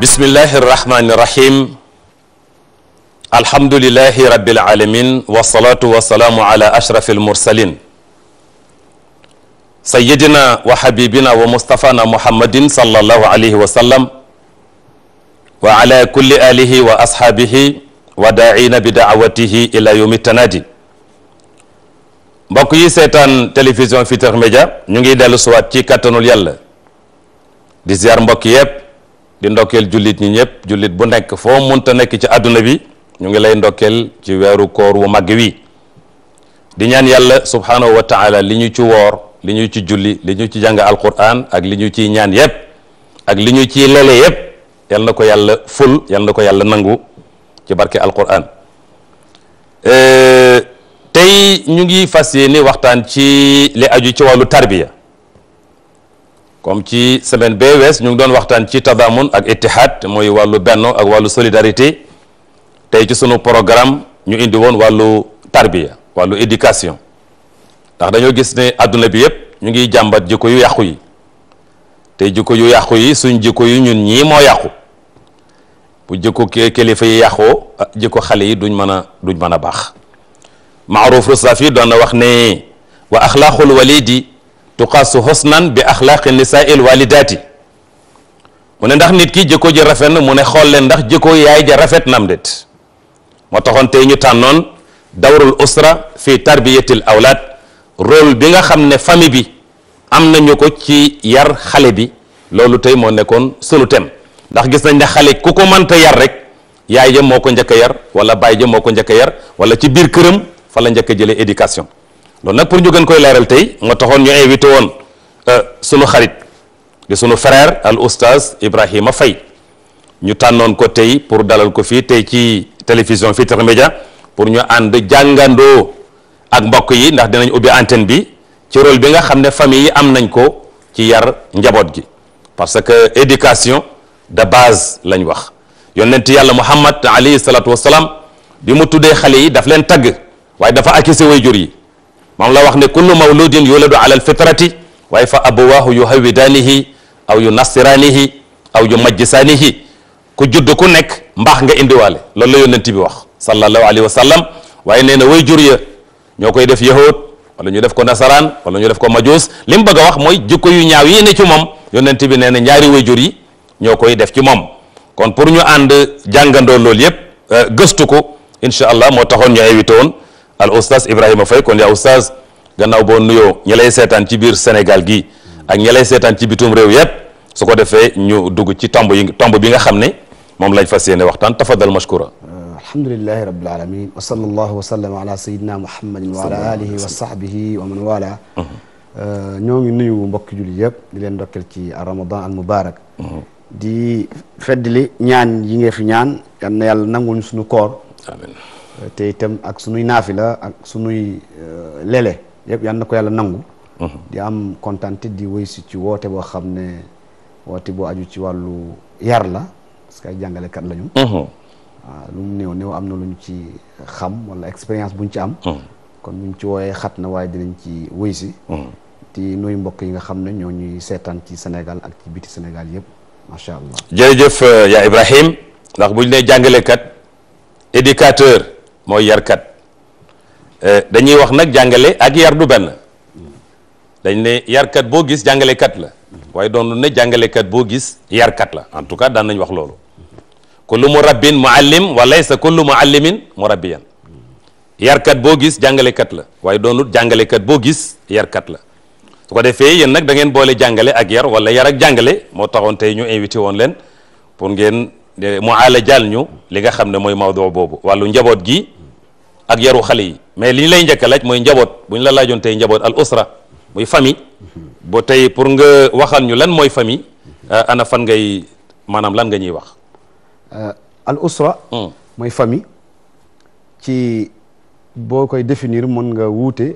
bismillahi irrahmani irrahim alhamdulilahi rabbil alamin wasalaatu wasalaamu ala ashraf almursalin sayidina wa habibina wa mustafana muhammadin sallallahu alayhi wa sallam wa ala kulli alihi wa ashaabihi wa daacina bi daawatihi ila yawmi tanaadi mbokk yi seetaan télévision Futurs Médias ñu ngi dellu suwaat ci kattanul yàlla di ziar mbokk yépp di ndokkeel jullit ñi ñëpp jullit bu nekk foo munta nekk ci àdduna bi ñu ngi lay ndokkeel ci weeru koor wu màgg wi di ñaan yàlla subhaanahu wa li ñu ci woor li ñu ci julli li ñu ci jàng alquran ak li ñu ciy ñaan yëpp ak li ñu ci lele yëpp yal na ko yàlla ful yal na ko yàlla nangu ci barke alquran euh, tey ñu ngi fas yéene waxtaan ci li aju ci wàllu tarbiya comme ci semaine bee wees ñu ngi doon waxtaan ci tadaamun ak ittihaad mooy wàllu benno ak wàllu solidarité tey ci sunu programme ñu indi woon wàllu tarbiya wàllu éducation ndax dañoo gis ne àdduna bi yëpp ñu ngi jàmbat jikko yu yàqu yi tey jikko yu yàqu yi suñ jikko yu ñun ñii moo yàqu bu jikko kilifa yi yàqoo ah, jikko xale yi duñ mën a duñ mën a baax Maaruf Rusaafi doon na wax ne wa axlaaqul walidi tuqaasu husnan bi axlaaqi nisaa'il walidaati mu ne ndax nit ki jikko ji rafet na mu ne xool leen ndax jikko yaay ja rafet nam det moo taxoon te ñu tànnoon dawrul usra fi tarbiyatil awlaad rôle bi nga xam ne famille bi am nañu ko ci yar xale bi loolu tey moo nekkoon sunu thème ndax gis nañ ne xale ku ko mënta yar rek yaay ja moo ko njëkk yar wala baay ja moo ko njëkk yar wala ci biir këram fa la njëkk a jëlee éducation loolu nag pour ñu gën koy leeral tey nga taxoon ñu invité woon euh, sunu xarit di sunu frère al oustaz Ibrahima Faye ñu tànnoon ko tey pour dalal ko fii tey ci télévision Futurs Médias pour ñu ànd jàngandoo ak mbokk yi ndax dinañ ubbi antenne bi ci rôle bi nga xam ne famille yi am nañ ko ci yar njaboot gi parce que éducation de base lañ wax yonent yàlla Muhammad alayhi salaatu wasalaam bi mu tuddee xale yi daf leen tagg waaye dafa akise way jur yi moom la wax ne kullu mawludin yuladu ala alfitrati waaye fa abawaahu yu hawidaanihi aw yu nasiraanihi aw yu majjisaanihi ku judd ku nekk mbaax nga indiwaale loolu la yonent bi wax sallallahu alayhi wa sallam waaye nee na way jur ya ñoo koy def yahud wala ñu def ko nasaraan wala ñu def ko majuus li mu bëgg a wax mooy jikko yu ñaaw yi ne ci moom yonent bi nee na ñaari way jur yi ñoo koy def ci moom kon pour ñu ànd jàngandoo loolu yépp euh, gëstu ko incha allah moo taxoon ñu invité al oustaz Ibrahima Faye kon yaa oustaz gannaaw boo nuyoo ñi lay seetaan ci biir Sénégal gi ak ñi lay seetaan ci bitum réew yépp su ko defee ñu dugg ci tomb yi tomb bi nga xam ne moom lañ fas yéene waxtaan tafadal mashkura alhamdulilahi rabbil alamin wa sallallahu wa sallam ala sayidina muhammadin wa ala alihi wa sahbihi wa man wala mhm. euh, ñoo ngi nuyu mbokki julli yëpp di leen ndokkeel ci ramadan al mubarak mhm. di feddli ñaan yi nga fi ñaan yal na yàlla nanguñu suñu koor te itam ak sunuy naafila ak sunuy euh, lele yëpp yal na ko yàlla nangu. Mhm. di am kontante di wéy ci woote boo xam ne woote boo ci wàllu yar la parce que jàngalekat lañu. Mhm. Ah, lu mu néew néew am na lu ci xam expérience buñ ci am. Mhm. kon buñ ci wooyee xat na waaye dinañ ci wéy si. nuyu mbokk yi nga xam ne ñoo ñuy seetaan ci Sénégal ak ci biti Sénégal yëpp macha allah. jërëjëf euh, yaa Ibrahim ndax buñ nee jàngalekat éducateur. mooy yarkat eh, dañuy wax nag jàngale ak yar du benn dañ ne yarkat boo gis jàngalekat la waaye doon ne jàngalekat boo gis yarkat la en tout cas daan nañ wax loolu kullu murabbin muallim wa laysa kullu muallimin murabbiyan yarkat boo gis jàngalekat la waaye doonul jàngalekat boo gis yarkat la su ko defee yéen nag da boole jàngale ak yar wala yar ak jàngale moo taxoon tey ñu invité woon leen pour ngeen eh, mu aala jàll ñu li nga xam ne mooy mawduu boobu wàllu njaboot gi ak yaru xale yi mais li lay njëkka a laaj mooy njaboot bu ñu la laajoon tey njaboot al usra muy famille ba tey pour nga waxal ñu lan mooy famille euh, ana fan ngay maanaam lan nga ñuy wax euh, al usra hmm. mooy famille ci boo koy définir mën nga wuute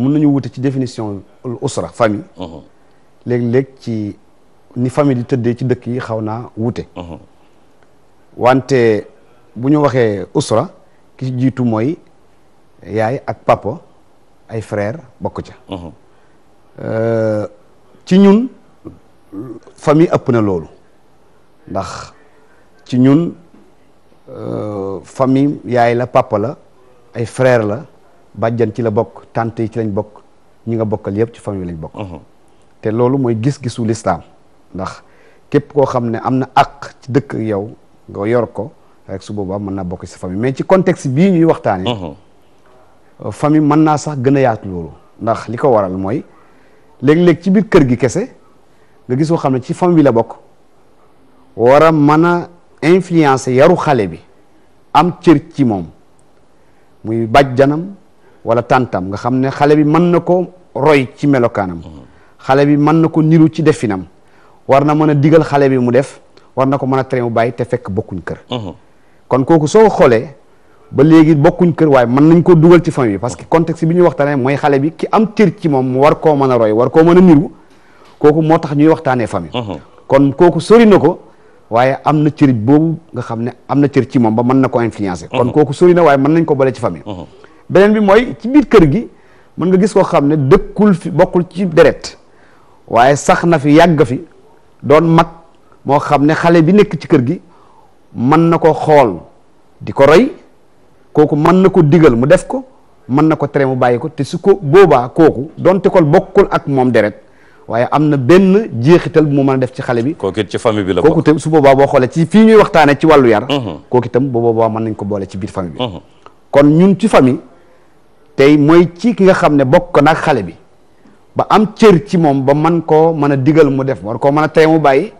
mën nañu wuute ci définition al usra famille hmm. léeg-léeg ci ni famille di tëddee ci dëkk yi xaw naa wuute hmm. wante bu ñu waxee usra ki ci jiitu mooy yaay ak papa ay frère bokk ca mhm. euh, ci ñun famille ëpp na loolu ndax ci ñun euh, famille yaay la papa la ay frère la bàjjan ci la bokk tànt yi ci lañ bokk ñi nga bokkal yëpp ci famille lañ bokk mhm. te loolu mooy gis-gisu lislaam ndax képp koo xam ne am na àq ci dëkk yow nga yor ko rek su boobaa mën naa bokk ci sa famille mais ci contexte bii ñuy waxtaanee. Mhm. Euh, famille mën naa sax gën a yaatu loolu. ndax li ko waral mooy léeg-léeg ci biir kër gi kese nga gis koo xam ne ci famille bi la bokk war a mën a influencer yaru xale bi am cër ci moom muy bàjjanam wala tàntam nga xam ne xale bi mën na ko roy ci melokaanam. Mhm. xale bi mën na ko niru ci definam war na mën a digal xale bi mu def war na ko mën a tere bu bàyyi te fekk bokkuñ kër. Mhm. kon kooku soo xoolee ba léegi bokkuñ kër waaye mën nañ koo dugal ci famille parce que contexte bi ñuy waxtaanee mooy xale bi ki am cër ci moom war koo mën a roy war koo mën a niru kooku moo tax ñuy waxtaanee famille. Mhm. kon kooku sori na ko waaye am na cër boobu nga xam ne am na cër ci moom ba mën na ko influencer. kon mhm. kooku sori na waaye mën nañ ko bale ci famille. Mhm. beneen bi mooy ci biir kër gi mën nga gis koo xam ne dëkkul fi bokkul ci deret waaye sax na fi yàgg fi doon mag moo xam ne xale bi nekk ci kër gi. mën na ko xool di ko roy kooku man na ko digal mu def ko mën na ko tere mu bàyyi ko te su ko boobaa kooku donte ko bokkul ak moom deret waaye am na benn jeexital bu mu man a def ci xale bi. kooku it ci famille bi la kooku itam su boobaa boo xoolee ci fii ñuy waxtaanee ci wàllu yar. Mhm. kooku itam bu boobaa mën nañ ko boole ci biir famille bi. Mhm. kon ñun ci famille tey mooy ci ki nga xam ne bokk nag xale bi ba am cër ci moom ba man koo mën a digal mu def war koo mën a tere mu bàyyi.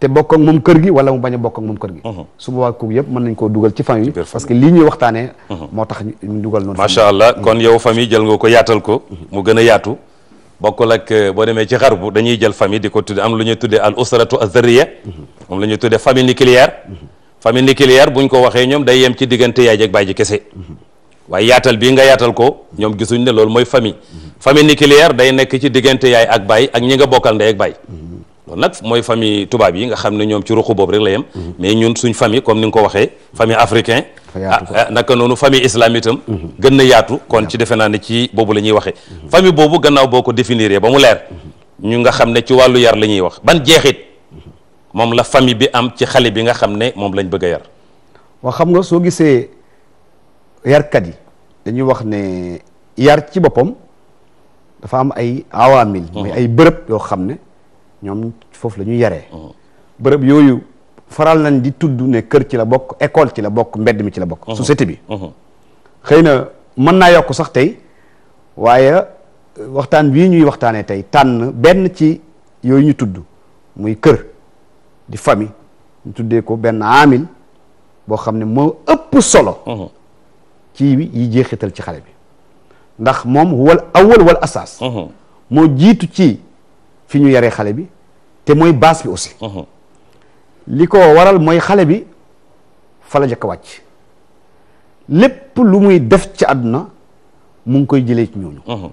te bokk ak moom kër gi wala mu bañ a bokk ak moom kër gi mhm. su boobaa kooku yëpp mën nañ koo dugal ci famille parce que lii ñuy waxtaanee mhm. moo tax dugal noonu macha allah kon mhm. yow famille jël nga ko yaatal ko mu gën a yaatu bokkul ak euh, boo demee ci xar bu dañuy jël famille di ko tudde am lu ñuy tuddee al usratu azariya moom la ñuy tuddee famille nucléaire famille nucléaire buñ ko waxee ñoom day yem ci diggante yaay ak baay kese waaye yaatal bii nga yaatal ko ñoom gisuñ ne loolu mooy famille famille nucléaire day nekk ci diggante yaay ak baay ak nga bokkal ndey ak baay loolu nag mooy famille tubaab yi nga xam ne ñoom ci ruqu boobu rek la yem mais ñun suñ famille comme ni ko waxee famille africain ah, ah, naka noonu famille islamitam mhm. gën na yaatu kon ci defe naa ne ci boobu la ñuy waxee mhm. famille boobu gannaaw boo ko définir ba mu leer mhm. ñu nga xam ne ci wàllu yar la ñuy wax ban jeexit moom la famille bi am ci xale bi nga xam ne moom lañ bëgg a yar waaw xam nga soo gisee yarkat yi dañuy wax ne yar ci boppam dafa am ay awamil mooy ay bërëb yoo xam ne ñoom foofu la ñu mm. bërëb yooyu faral nañ di tudd ne kër ci la bokk école ci la bokk mbedd mi ci la bokk mm-hmm. société bi mm-hmm. xëy na mën naa yokk sax tey waaye euh, waxtaan bii ñuy waxtaanee tey tànn benn ci yooyu ñu tudd muy kër di famille ñu tuddee ko benn aamil boo xam ne moo ëpp solo mm-hmm. ci yi jeexital ci xale bi ndax moom wal awal wal asaas moo jiitu ci fi ñu yaree xale bi te mooy base bi aussi mhm. li ko waral mooy xale bi fa la jëkk wàcc lépp lu muy def ci àdduna mu ngi koy jëlee ci ñooñu mhm.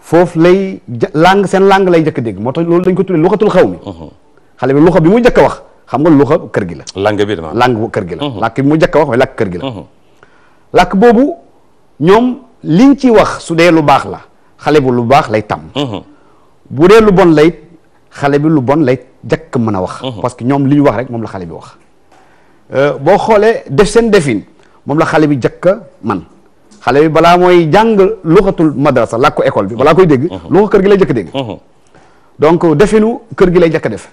foofu lay langue seen langue lay jëkk dégg moo tax loolu dañ ko tuddee luxatul xaw mi mhm. xale bi luxa bi mu njëkk wax xam nga luxa kër gi la langue bi dama langue bu kër gi la làkk mu njëkk a wax mooy làkk kër gi la làkk boobu ñoom liñ ci wax su dee lu baax la xale bu lu baax lay tàmm bu dee lu bon lay xale bi lu bon lay jëkk mën a wax. Mhm. parce que ñoom li ñu wax rek moom la xale bi wax. Euh, boo xoolee def seen defin moom la xale bi jëkk man xale bi balaa mooy jàng luxatul madrasa làkku école bi balaa koy dégg. Mhm. luxa kër gi lay jëkk dégg. Mhm. donc definu kër gi lay jëkk def.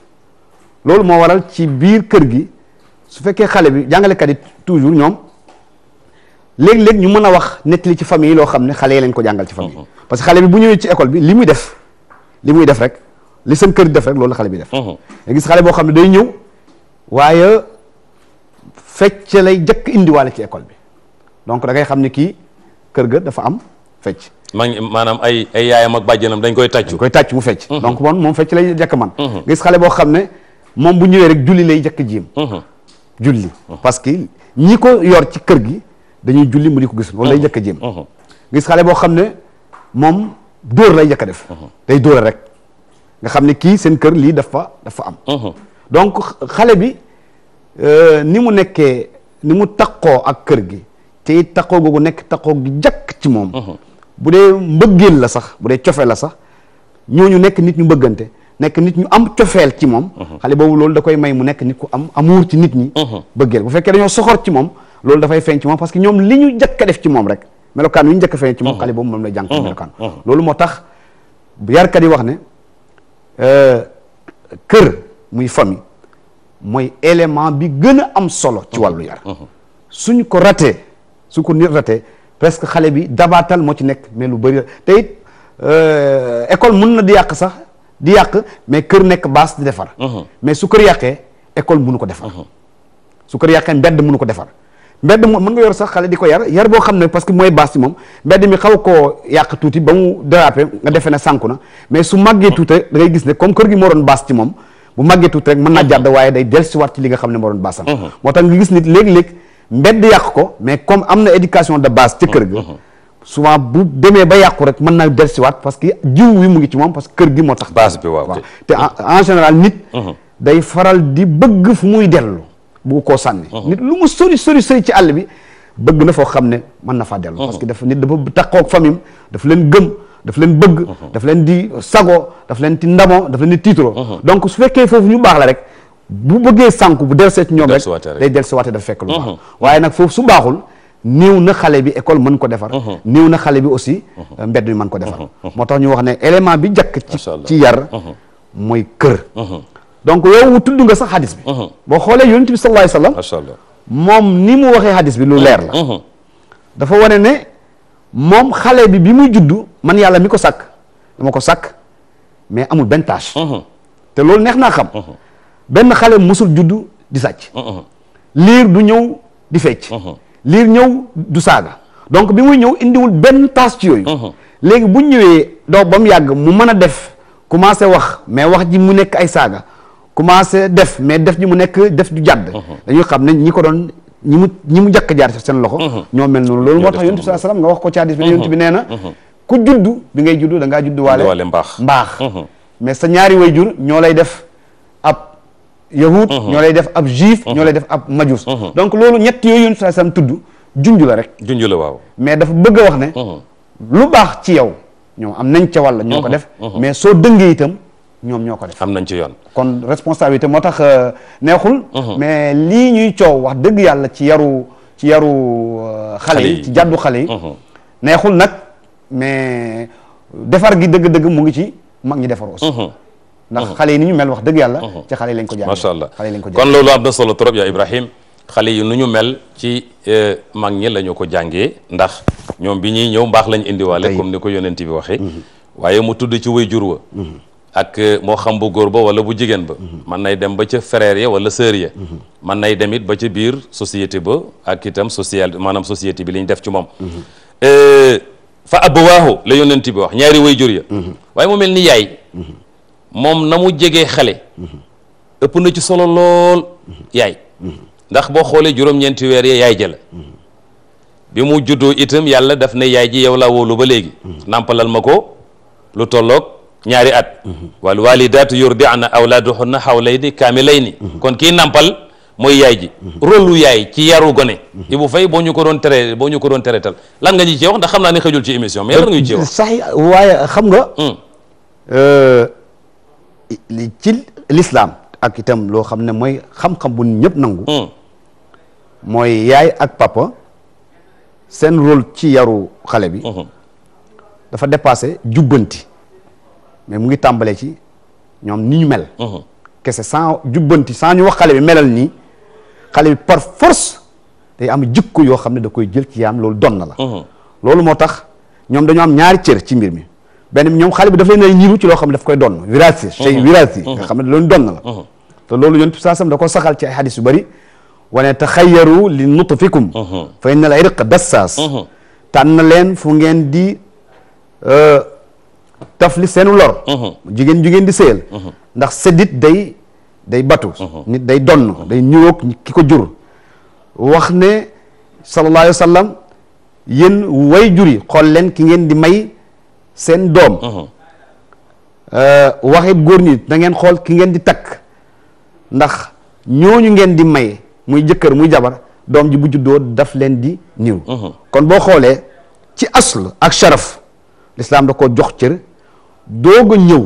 loolu moo waral ci biir kër gi su fekkee xale bi jàngalekat yi toujours ñoom léeg-léeg ñu mën a wax nettali ci famille loo xam ne xale yi lañ ko jàngal ci famille. parce li muy def. li muy def rek li seen kër def rek loolu la xale bi def. Mhm. nga gis xale boo xam ne day ñëw waaye fecc lay jëkk indiwaale ci école bi donc da xam ne kii kër ga dafa am fecc. maa ngi maanaam ay ay yaayam ak bàjjenam dañ koy tàccu. dañ koy tàccu mu fecc. Mhm. donc moom moom fecc lay jekk man. Mhm. nga gis xale boo xam ne moom bu ñëwee rek julli lay jëkk jiim. julli parce que ñi ko yor ci kër gi dañuy julli mu di ko gis. loolu lay jëkk a jéem. gis xale boo xam ne moom. dóor lay njëkk a def. Mhm. day dóor rek nga xam ne kii seen kër lii dafa dafa am. Mhm. donc xale bi euh, ni mu nekkee ni mu takkoo ak kër gi te it takkoo googu nekk takkoo gi jàkk ci moom. Mhm. bu dee mbëggeel la sax bu dee cofeel la sax ñooñu nekk nit ñu bëggante nekk nit ñu am cofeel ci moom. xale boobu loolu da koy may mu nekk nit ku am amuur ci nit ñi. bëggeel bu fekkee dañoo soxor ci moom loolu dafay feeñ ci moom parce que ñoom li ñu jëkk def ci moom rek. melokaan yu njëkk feeñ ci moom xale boobu moom lay jàng melokaan loolu moo tax yarkat yi wax ne euh, kër muy famille mooy élément bi gën a am solo ci wàllu yar suñ ko raté su ko nit raté presque xale bi dabaatal moo ci nekk mais lu bëri te euh, école mun na di yàq sax di yàq mais kër nekk baas di defar mais su kër yàqee école mënu ko defar su kër yàqee mbedd mënu ko defar mbedd moom mën nga yor sax xale di ko yar yar boo xam ne parce que mooy baas ci moom mbedd mi xaw koo yàq tuuti ba mu dérapé nga defee ne sànku na mais su maggee tuuti da ngay gis ne comme kër gi moo doon baas ci moom bu màggee tuuti rek mën naa jàdd day dellusiwaat ci li xam ne moo doon baasam mhm. nit léeg-léeg mbedd yàq ko mais comme am na éducation de base kër ga mhm. souvent bu demee ba yàqu rek mën na dellusiwaat parce que jiw wi mu ngi ci moom parce que kër gi moo tax base bi waaw te en général nit mhm. day faral di bëgg fu muy dellu bugg koo sànni uh-huh. nit lu mu sori sori sori ci àll bi bëgg na foo xam ne mën na faa dellu uh-huh. parce que dafa nit dafa takkoo ak famille daf leen gëm daf leen bëgg uh-huh. daf leen di sago daf leen di ndamoo dafa leen di tiitroo donc su fekkee foofu ñu baax la rek bu bëggee sànku bu delsee ci ñoom rek day delsiwaate dafa fekk lu baax waaye nag foofu su baaxul néew na xale bi école mën ko defar néew na xale bi aussi euh, mbedd mi mën ko defar moo tax ñu wax ne élément bi jàkk ci ci yar mooy kër donc yow tudd nga sax hadis bi. boo xoolee yonent bi sallallahu alayhi wa sallam. moom ni mu waxee hadis bi lu leer la. dafa wane ne moom xale bi bi muy juddu man yàlla mi ko sàkk dama ko sàkk mais amul benn tâche. te loolu neex naa xam. benn xale musul juddu di sàcc. liir du ñëw di fecc. liir ñëw du saaga. donc bi muy ñëw indiwul benn tâche ci yooyu. léegi bu ñëwee doo ba mu yàgg mu mën a def commencé wax mais wax ji mu nekk ay saaga. commencé def mais def ñi mu nekk def du jàdd dañuy xam ne ñi ko doon ñi mu ñi mu jàkk jaar seen loxo ñoo mel noonu loolu moo tax yonent sa saa nga wax ko ci bi nee na bi ngay juddu da ngaa juddu waale mbaax mbaax mais sa ñaari way jur ñoo lay def ab yahud ñoo lay def ab juif ñoo lay def ab majus donc loolu ñett yooyu sa bi saa salaam tudd junj la rek junj la waaw mais dafa bëgg a wax ne lu baax ci yow ñoo am nañ ca wàll ñoo ko def mais soo dëngee itam ñoom ñoo ko def. am nañ ci yoon. kon responsabilité moo tax euh, neexul. Mhm. mais lii ñuy coow wax dëgg yàlla ci yaru ci yaru. Euh, xale yi ci jàddu xale yi. Mhm. neexul nag mais defar gi dëgg-dëgg mu ngi ci mag ñi defar aussi. Mhm. ndax xale yi ni ñu mel wax dëgg yàlla. ci xale yi lañ ko jàng macha allah xale yi ko jàng kon loolu am na solo trop yaa Ibrahim xale yi nu ñu mel ci euh, mag ñi la ñu ko jàngee ndax ñoom bi ñuy ñëw mbaax lañ indiwaale. comme ni ko yonent bi waxee. waaye mu tudd ci way jur wa ak eh, moo xam bu góor ba wala bu jigéen ba man nay dem ba ca frère ya wala sœur ya man nay dem it ba ca biir société ba ak itam social maanaam société bi li def ci moom eh, fa abawaahu la yonent bi wax ñaari waajur ya waaye mu mel ni yaay moom jegee xale ëpp na ci solo lool yaay ndax boo xoolee juróom-ñeenti weer ya yaay ja la bi mu juddoo itam yàlla daf na yaay ji yow laa wóolu ba léegi nàmpalal ma ko lu tolloog ñaari at wal walidaatu yurdi'na awlaaduhunna lay kaamilayni kon kii nampal mooy yaay ji rôlu yaay ci yaru gone Ibou Faye boo ñu ko doon tere boo ñu ko doon teretal lan nga ñu ci ndax xam naa ne xëjul ci émission mais lan nga ñu ci xam nga hmm. euh, ci l'islam ak itam loo xam ne mooy xam bu ñëpp nangu hmm. yaay ak papa seen rôle ci yaru xale bi hmm. dafa dépassé jubbanti mais mu ngi tàmbalee ci ñoom ni ñu mel. Mhm. kese sans jubbanti sans ñu wax xale bi melal nii xale bi par force day am jikko yoo xam ne da koy jël ci yaam loolu don na mhm. loolu moo tax ñoom da am ñaari cër ci mbir mi benn ñoom xale bi daf leen ay ñiiru ci loo xam daf koy don virage si. chey mhm. virage si nga xam ne loolu don na la. te loolu yonent bi da ko saxal ci ay hadis yu bëri wane taxayyaru li nutfikum fa inna al irqa dassaas tànn leen fu di. Euh, taf li seen lor mhm. jigéen ju ngeen di sëyal mhm. ndax séddit day day batu mhm. nit day donn day ñëwoog ki ko jur wax ne sallallahu alayhi wa sallam yéen way juri xool leen ki ngeen di may seen doom euh, waxit góor ñi dangeen xool ki ngeen di takk ndax ñooñu ngeen di may muy jëkkër muy jabar doom ji bu juddoo daf leen di niw kon boo xoolee ci asl ak sharaf lislaam da ko jox cër doog a ñëw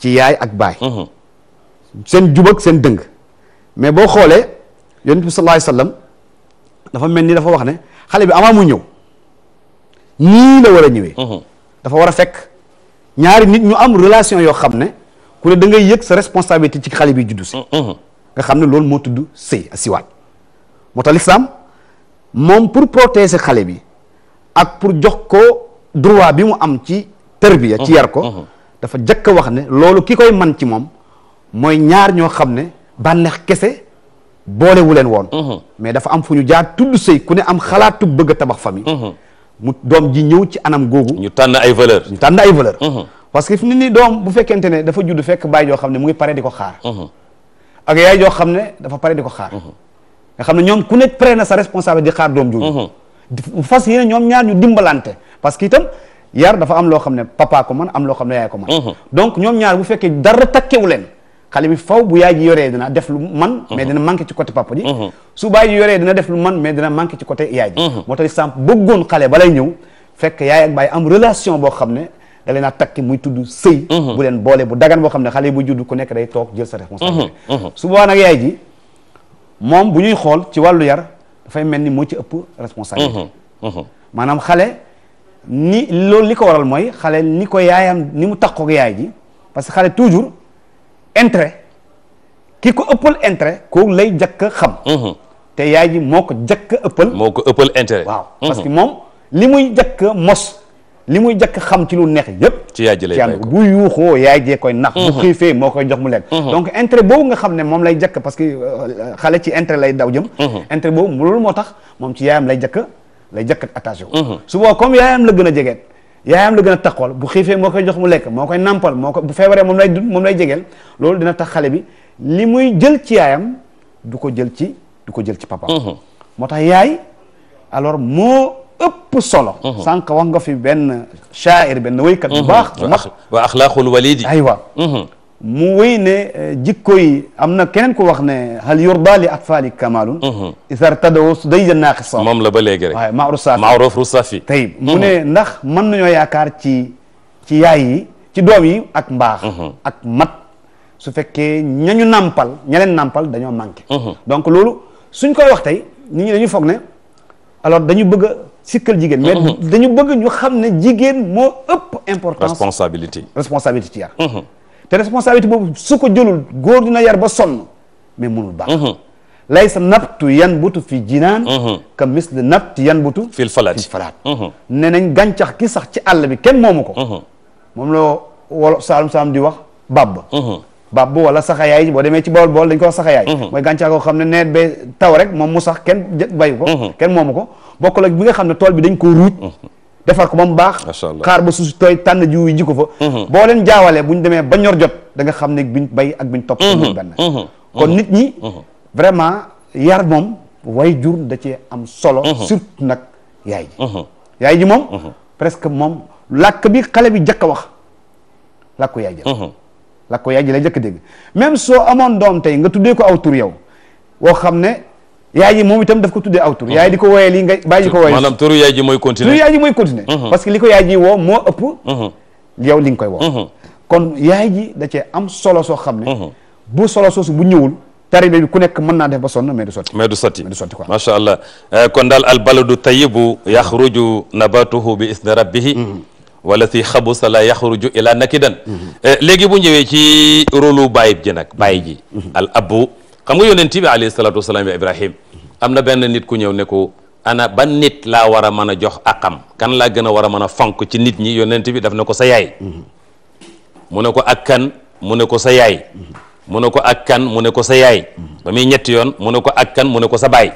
ci yaay ak baay mhm. seen jub seen dëng boo xoolee yonent bi sallallahu alayhi wasallam mel ni dafa wax ne xale bi amaa mu ñëw nii la war a ñëwee mhm. war fekk ñaari nit ñu am relation yoo xam ne ku ne da ngay ci xale bi juddu si mhm. xam ne loolu moo tudd sëy moom pour protéger xale bi ak pour jox ko droit bi mu am ci tarbiya ci uh-huh, yar ko uh-huh. dafa jëkk a wax ne loolu ki koy man ci moom mooy ñaar ñoo xam ne bànneex kese boolewu leen woon uh-huh. mais dafa am fu ñu jaar tudd sëy ku ne am xalaatu bëgg a tabax famille mu doom ji ñëw ci anam googu ñu tànn ay valeur tànn ay valeur parce que fi ni doom bu fekkente ne dafa judd fekk bàyyi joo xam ne mu ngi pare di ko xaar ak yaay joo xam ne dafa pare di ko xaar nga xam ne ñoom ku ne pare na sa responsabilité di xaar doom jooju fas yéene ñoom ñaar parce que itam yar dafa am loo xam ne papa ko man am loo xam ne yaay ko man mhm. donc ñoom ñaar bu fekkee dara takkewu leen xale bi faw bu yaay ji yoree dina mhm. mhm. dina def lu man mais dina manqué ci côté yaay ji da leen a takki muy tudd sëy bu leen boole bu dagan boo xam ne xale bu sa responsabilité moom bu ñuy xool ci wàllu yar dafay mel ni moo ci ëpp responsabilité maanaam xale ni loolu li ko waral mooy xale ni ko yaayam ni mu takkook yaay ji parce que xale toujours intérêt ki ko ëppal intérêt kook lay jëkk a xam mhm. te yaay ji moo ko jëkk ëppal moo ko ëppal intérêt waaw parce que mhm. moom li muy jëkk mos li muy jëkk xam ci lu neex yëpp ci yaay ji lay bàyyi ko bu yuuxoo yaay jee koy nax mhm. moo koy jox mu lekk donc intérêt boobu nga xam ne moom lay jëkk parce que euh, xale ci intérêt lay daw jëm intérêt boobu loolu moo tax moom ci yaayam lay jëkk lay jëkkat attaché wu mhm. su boo comme yaayam la gën a jegeet yaayam la gën a taxool bu xiifee moo koy jox mu lekk moo koy nàmpal moo ko bu feebaree moom lay dund moom loolu dina tax xale bi li muy jël ci yaayam du ko jël ci du ko jël ci papa mhm. moo tax yaay alors moo ëpp solo mhm. sànq wax nga fi benn shaa'ir benn waykat bu baax bu wa axlaaqul walidi aywa mu wéy ne euh, jikko yi am na keneen ko wax ne hal yor li atfaali kamalun mhm. isar tadawo su day jën naaqisa moom la ba léegi rek waaye maaruf saafi maaruf rusaafi tayib mu mhm. ne ndax mën nañoo yaakaar ci ci yaay yi ci doom yi ak mbaax mhm. ak mat su fekkee ñañu nampal ña nampal dañoo manqué donc loolu suñ koy wax tey nit ñi dañu foog ne alors dañu bëgg a sikkal jigéen mais dañu bëgg ñu xam ne jigéen moo ëpp importance responsabilité responsabilité ci yar te responsabilité boobu su ko jëlul góor dina yar ba sonn mais mënul baax mhm. sa nabtu yan butu fi jinaan mhm. ka misle nabtu yan butu fil falaat fil mhm. ne nañ gàncax ki sax ci àll bi kenn moomu ko moom loo wala saalum saalum di wax bab bab wala saxayaay boo demee ci bool bool dañ ko wax saxayaay mooy gàncax koo xam ne nawet ba taw rek moom mu sax kenn bayu ko kenn moomu ko bokk ak bi nga xam ne tool bi dañ ko ruuj defar ko ba mu baax xaar ba suuf tooy tànn jiw yi ji ko fa mhm. boo leen jaawalee bu ñu demee ba ñor jot da nga xam ne biñ bay ak biñ topp suñu mhm. benn mhm. kon nit ñi vraiment yar moom way jur da cee am solo surtout nag yaay ji yaay ji moom presque moom làkk bi xale bi jëkk a wax làkku yaay ji làkku yaay ji lay jëkk dégg même soo amoon doom tey nga tuddee ko aw tur yow woo xam ne yaay ji moom itam daf ko tuddee aw tur yaay di ko wooyee lii nga turu yaay ji mooy turu yaay ji mooy mhm. parce que li ko yaay woo moo ëpp mhm. yow li nga koy woo mhm. kon yaay ji da am solo soo xam ne bu solo soosu bu ñëwul taribe ku nekk mën naa def ba sonn mais du sotti mais du sotti mais du sotti quoi macha allah euh, kon daal al baladu tayibu yaxruju nabatuhu bi isni rabbihi wala si xabusa la yaxruju ila nakidan euh, léegi bu ñëwee ci rôlu bàyyib ji nag bàyyi ji al abu xam nga yonent bi alayhi salatu wasalaam ibrahim am na benn nit ku ñëw ne ko ana ban nit laa war a mën a jox akam kan laa gën a war a mën a fonk ci nit ñi yonent bi daf ne ko sa yaay mhm. mu ne ko ak kan mu ne ko sa yaay mhm. mu ne ko ak kan mu ne ko sa yaay mhm. ba muy ñetti yoon mu ne ko ak kan mu ne ko sa baay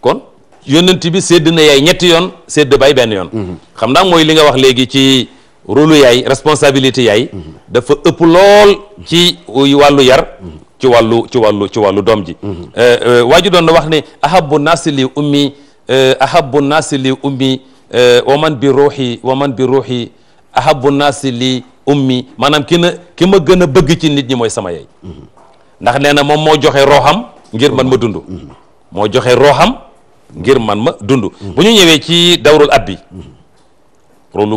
kon yonent bi sedd na yaay ñetti yoon sedd baay benn yoon xam naa mooy li nga wax léegi ci rôlu yaay responsabilité yaay dafa ëpp lool ci wàllu yar ci wàllu ci wàllu ci wàllu doom ji mm-hmm. eh, eh, waa ji doon na wax ne ahabu naasi li ummi eh, ahabu naasi li ummi wa man bi ruuxi wa man bi ruuxi ahabu naasi li ummi maanaam ki na ki ma gën a bëgg ci nit ñi mooy sama yaay mm-hmm. ndax nee na moom moo joxe rooxam ngir man ma dund mm-hmm. moo joxe rooxam ngir man ma dund bu ñu ñëwee ci dawrul ab bi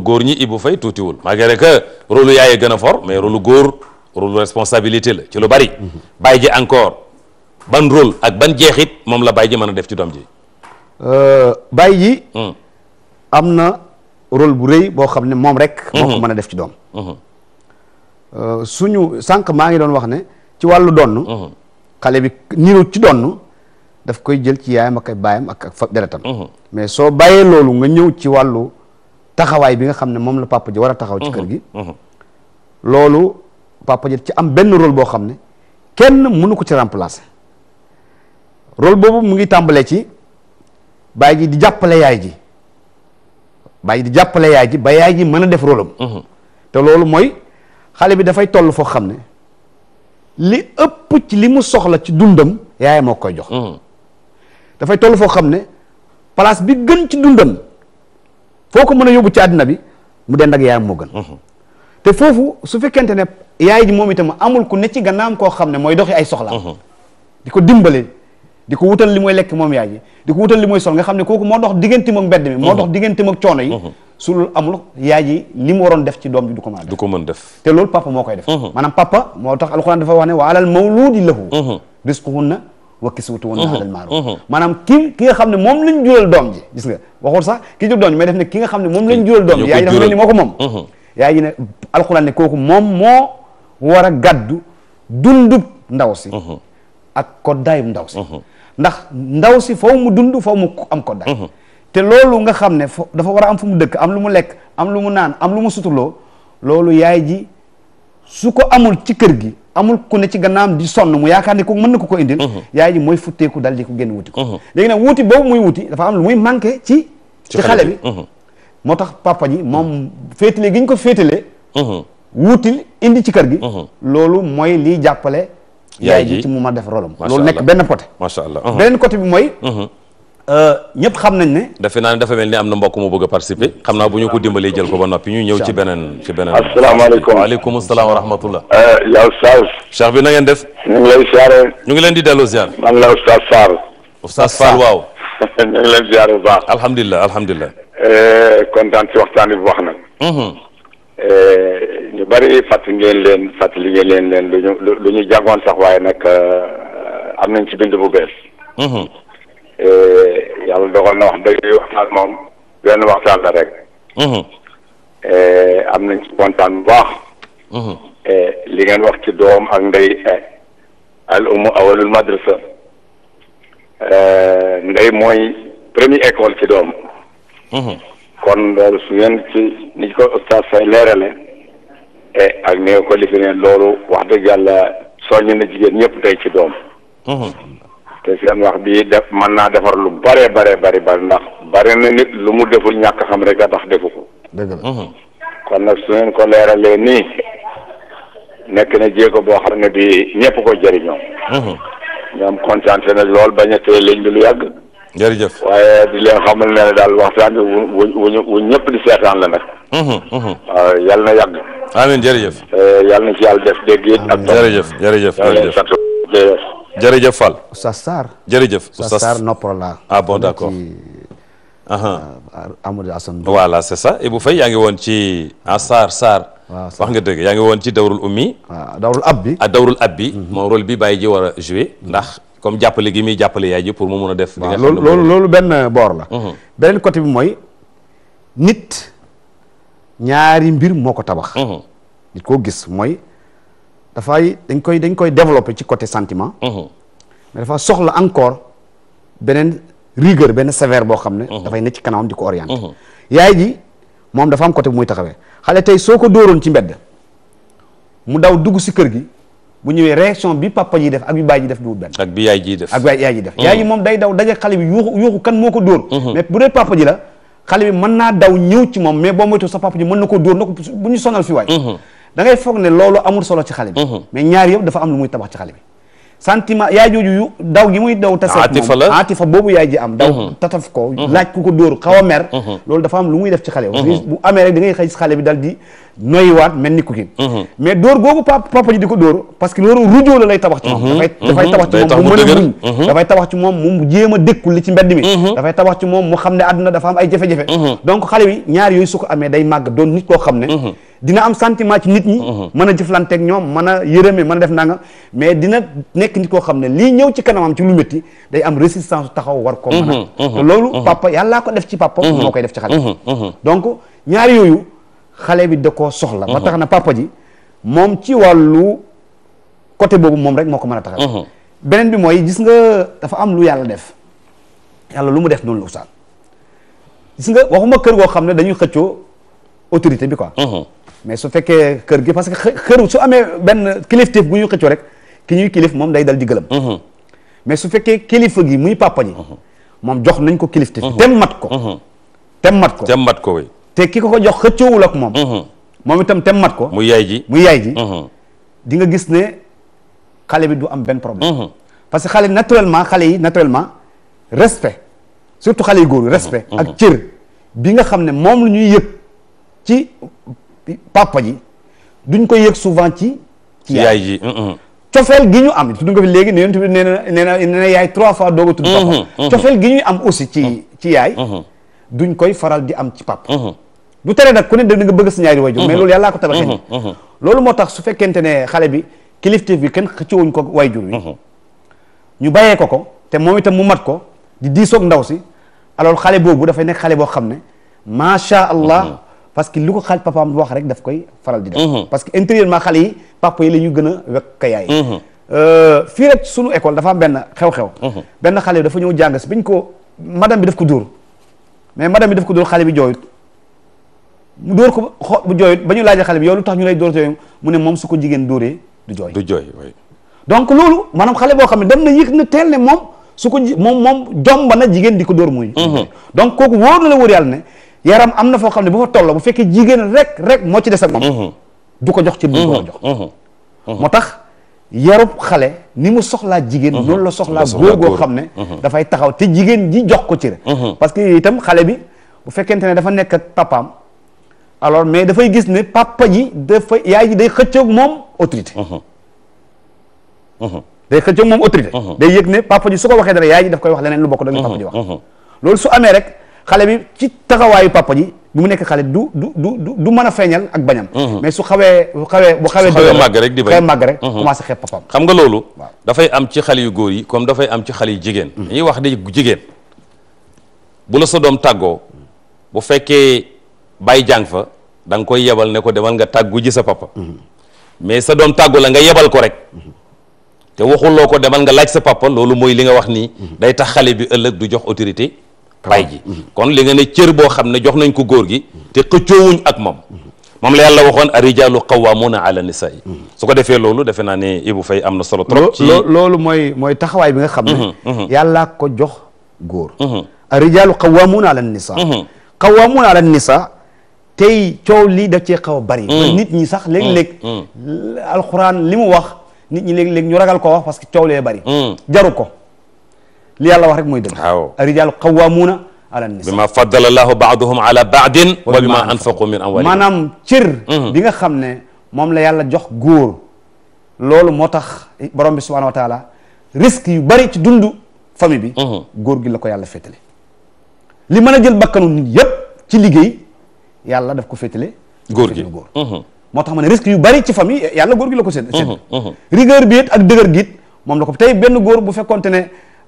góor ñi Ibou Faye tuutiwul malgré que rôlu yaay gën a fort mais góor rôle responsabilité la ci lu bari. bàyyi ji encore ban rôle ak ban jeexit moom la bàyyi ji a def ci doom ji. Euh, bàyyi ji. Hmm. am na rôle bu rëy boo xam ne moom rek. moo ko hmm. mën a def ci doom. Hmm. Euh, suñu sànq maa ngi doon wax ne ci wàllu donn xale bi niru ci donn daf koy jël ci yaayam ak ay baayam ak ak fa deretam mais soo bàyyee loolu nga ñëw ci wàllu taxawaay bi nga xam ne moom la papa ji war a taxaw ci kër gi loolu Papa ci am benn rôle boo xam ne kenn mënu ko ci remplacer rôle boobu mu ngi tàmbalee ci baay ji di jàppale yaay ji baay di jàppale yaay ji ba yaay ji mën a def rôle mhm. te loolu mooy xale bi dafay toll foo xam ne li ëpp ci li mu soxla ci dundam yaay moo koy jox. Mhm. dafay toll foo xam ne place bi gën ci dundam foo ko mën a yóbbu ci àddina bi mu dend ak yaayam moo gën. Mhm. te foofu su fekkente ne yaay ji moom itam amul ku ne ci gannaam koo xam ne mooy doxi ay soxla mhm. di ko dimbale di ko wutal li mooy lekk moom yaay ji di ko moo dox diggante mag mbedd mhm. mhm. def ci doom bi du ko mën a def ko mën def te loolu papa moo koy def maanaam papa moo tax alxuraan dafa wax ne wa alal mawluudi lahu rizquhunna wa kiswatuhunna alal ma'ruf maanaam ki ki nga xam ne moom lañ jural doom ji gis nga waxul sax ki jur doom ji mais def ne ki nga xam ne moom lañ jural doom yaay ji ne alxuraan ne kooku moom moo war a gàddu dundub ndaw si mhm. ak koddaayub ndaw si mhm. ndax ndaw si faw mu dund faw mu am koddaay mhm. te loolu nga xam ne fo dafa war a am fu mu dëkk am lu mu lekk am lu mu naan am lu mu suturloo loolu yaay ji su ko amul ci kër gi amul ku ne ci gannaam di sonn mu yaakaar ne ko mën na ko ko indil yaay ji mooy futteeku dal di ko génn wuti ko léegi nag wuti boobu muy wuti dafa am lu muy manqué ci ci xale bi moo tax papa ji moom féetale gi ñu ko féetale mhm. wuutil indi ci kër gi mhm. loolu mooy liy jàppale yaay ji ci mu ma def rolam loolu nekk benn côté macha allah mhm. beneen côté bi mooy euh, ñëpp xam nañ ne defe naa ne dafa mel ni am na mbokk mu bëgg a participer xam naa bu ñu ko dimbalee jël ko ba noppi ñu ñëw ci beneen ci beneen asalaamaaleykum waaleykum salaam wa rahmatullah euh, yaa oustaz cheikh bi na ngeen def ñu ngi lay siyaare ñu ngi leen di delloo ziar man la oustaz Fall oustaz Fall waaw ñu ngi alhamdulilah Eh, kontaan si waxtaan bi wax na mm-hmm. eh, ñu bari fàttali ngeen leen fàttali ngeen leen lu ñu lu ñu jàngoon sax waaye nag eh, am nañ ci bind bu bees. Mm-hmm. yàlla dogal na wax dëgg waxtaan moom benn waxtaan la rek. Mm-hmm. am nañ ci kontaan bu baax. li ngeen wax ci doom ak ndey al umu awalul madrasa ndey mooy premier école ci doom. Mhm. kon loolu su ngeen ci ni ko oustaz Faye leerale e ak ni nga ko lifiree loolu wax dëgg yàlla soññ na jigéen ñëpp tey ci doom mhm. te seen wax bi def mën naa defar lu bare bare bari bari ndax bare na nit lu mu deful ñàkk xam rek a tax ko mhm. kon nag su ngeen ko leeralee nii nekk ne jéego boo xam ne bi ñëpp ko jëriñoo ñoom kontaan nag lool bañ a téye lu yàgg jërëjëf waaye di leen xamal ne daal waxtaan bi wu wu ñëpp di seetaan la nag. Mm-hmm, mm-hmm. waaw yàlla na yàgg. amiin jërëjëf. Eh, yàlla na ci yàlla def dégg it ak. jërëjëf jërëjëf jërëjëf jërëjëf. jërëjëf Fall. Oustaz la. ah d'accord uh-huh. euh, Amadou Assane voilà c'est ça Ibou Faye yaa ngi ci ah Sarr Sarr. waaw wax nga dëgg yaa ngi ci dawrul ummi. waaw dawrul ab ah, mm-hmm. bi. ah bi. moom ji war a joué ndax. comme jàppale gi muy jàppale yaay ji pour mu mun a def. waaw loolu loolu benn boor la. Mhm. beneen côté bi mooy nit ñaari mbir moo ko tabax. Mhm. nit koo gis mooy dafay dañ koy dañ koy développer ci côté sentiment. Mhm. mais dafa soxla encore beneen rigueur benn sévère boo xam ne. dafay ne ci kanamam di ko orienter. yaay ji moom dafa am côté muy taxawee xale tey soo ko dóoroon ci mbedd mu daw dugg si kër gi. bu ñëwee réaction bi papa ji def ak bi baay ji def du benn. ak bi yaay ji def hmm. yaay ji moom day daw daje xale bi yuuxu kan moo ko dóor. Hmm. mais bu dee papa la xale bi mën naa daw ñëw ci moom mais boobu yaay ji am. daw hmm. tataf ko. laaj ku ko dóor xaw a mer. loolu dafa am lu muy def ci xale bi. bu amee rek da xëy xale bi dal di noyyiwaat mel ni kukin mhm. mais dóor googu papa ji di ko dóor parce que loolu rujoo la lay tabax ci moom mhm. dafay dafay mhm. moom mu mën a dafay tabax ci moom mu jéem a dékkul li ci mbedd mi dafay tabax ci moom mu xam ne àdduna dafa am ay jafe-jafe ci nit ñi mën a jëflanteeg ñoom mën a yërëme mën a def nanga mais dina nekk nit koo xam ne lii ñëw ci kanamam ci lu métti day am résistance taxaw war ko mën a te loolu papa yàllaa ko def ci papa moo koy def ci xale donc xale bi da koo soxla. ma mhm. tax na papa ji moom ci lu côté boobu moom rek moo ko mën a taxal. Mhm. beneen bi mooy gis nga dafa am lu yàlla def yàlla lu mu def noonu la oustaz gis nga waxuma kër goo xam ne dañuy xëccoo autorité bi quoi. Mhm. mais su fekkee kër gi parce que kër su amee benn kilifteef bu ñuy xëccoo rek ki ñuy kilif moom day dal di gëlëm. mais su fekkee kilifa gi muy papa ji. moom jox nañ ko kilifteef. dem mat ko. dem mat ko dem mat ko te ki ko ko jox xëccoowul ak moom. Mhm. moom itam tem mat ko. mu yaay ji mu yaay mhm. di nga gis ne xale bi du am benn problème. Mhm. parce que xale naturellement xale yi naturellement respect surtout xale yu góor respect. ak cër bi nga xam ne moom lu ñuy yëg ci papa ji duñ ko yëg souvent ci. ci yaay ji. cofeel gi ñu am tudd nga fi léegi nee na nee na yaay trois fois doog tudd cofeel gi ñuy am aussi ci ci yaay. duñ koy faral di am ci pap mhm. du tere nag ku ne da nga bëgg sa ñaari wayjur mais mhm. loolu yàllaa ko tabaxee mhm. ni loolu moo tax su fekkente ne xale bi kilifteef bi kenn xëccewuñ ko wayjur wi ñu bàyyee ko ko te moom itam mu mat ko di diisoog ndaw si alors xale boobu dafay nekk xale boo xam ne macha allah parce que lu ko xal papaam wax rek daf koy faral di def parce que intérieurement xale yi papa yi la ñu gën a wekk ka yaay euh, fii rek sunu école dafa am benn xew-xew benn xale bi dafa ko madame bi daf ko dóor mais madame bi daf ko dóor xale bi jooyut dóor ko bu jooyut ba ñu laajee xale bi yow lu tax ñu lay dóor jooy mu ne moom su ko jigéen dóoree du jooy du jooy donc loolu maanaam xale boo xam ne dem na yëg na teel ne moom su ko moom moom na jigéen di ko dóor muy mm-hmm. donc kooku wóor na la wóor yàlla ne yaram am na foo xam ne bu fa tolloo bu fekkee jigéen rek rek moo ci de ak moom mm-hmm. du ko jox ci du ko mm-hmm. jox moo tax yarub xale ni mu soxlaa jigéen lool mhm. la soxlaa góor goo xam ne mhm. dafay taxaw te jigéen ji jox ko ci rek mhm. parce que itam xale bi bu fekkente ne dafa nekk ak papaam alors mais dafay gis ne papa ji dafa yaay ji day xëccoog moom autorité day xëccoog moom autorité day yëg ne papa ji su ko waxee dara yaay ji daf koy wax leneen lu bokk da papa ji wax loolu su amee rek xale bi ci taxawaayu papa ji bu mu nekk xale du du du du mën a feeñal ak bañam. Mhm. mais su xawee bu xawee bu xawee. màgg rek di bañ màgg rek. Mhm. commencé xeeb papam xam nga loolu. dafay am ci xale yu góor yi comme dafay am ci xale yu jigéen. Mhm. dañuy wax di jigéen bu la sa doom tàggoo bu fekkee bàyyi jàng da nga koy yebal ne ko demal nga tàggu ji sa papa. sa doom tàggu la nga yebal ko rek. te waxuloo ko demal nga laaj sa papa loolu mooy li nga wax nii. day tax xale bi ëllëg du jox autorité. pay kon li nga ne cër boo xam ne jox nañ ko góor gi te xëccoowuñ ak moom moom la yàlla waxoon arijaalu qawwaamuuna ala nisaa yi su ko defee loolu defe naa ne Ibou Faye am na solo trop ci loolu mooy taxawaay bi nga xam ne mhm, mhm. yàlla ko jox góor mhm. arijaalu qawwaamuuna ala nisaa qawwaamuuna ala nisaa tey coow lii da cee xaw a bari nit ñi sax léeg-léeg alxuraan li mu wax nit ñi léeg-léeg ñu ragal ko wax parce que coow lee bari jaru ko li yàlla wax rek mooy dëgg waaw arijaalu qawwaamuuna ala nisa bima faddala allahu baaduhum ala baadin wa bima anfaqu min amwalihim maanaam cër mhm. bi nga xam ne moom la yàlla jox góor loolu moo tax borom bi subhaanahu wa taala risque yu bari ci dundu famille bi mhm. góor gi la ko yàlla féetale li mën a jël bakkanu nit yépp ci liggéey yàlla daf ko féetale góor gi góor mhm. moo tax ma ne risque yu bari ci famille yàlla góor gi la ko sédd rigueur bi it ak dëgër gi it moom la ko tey benn góor bu fekkonte ne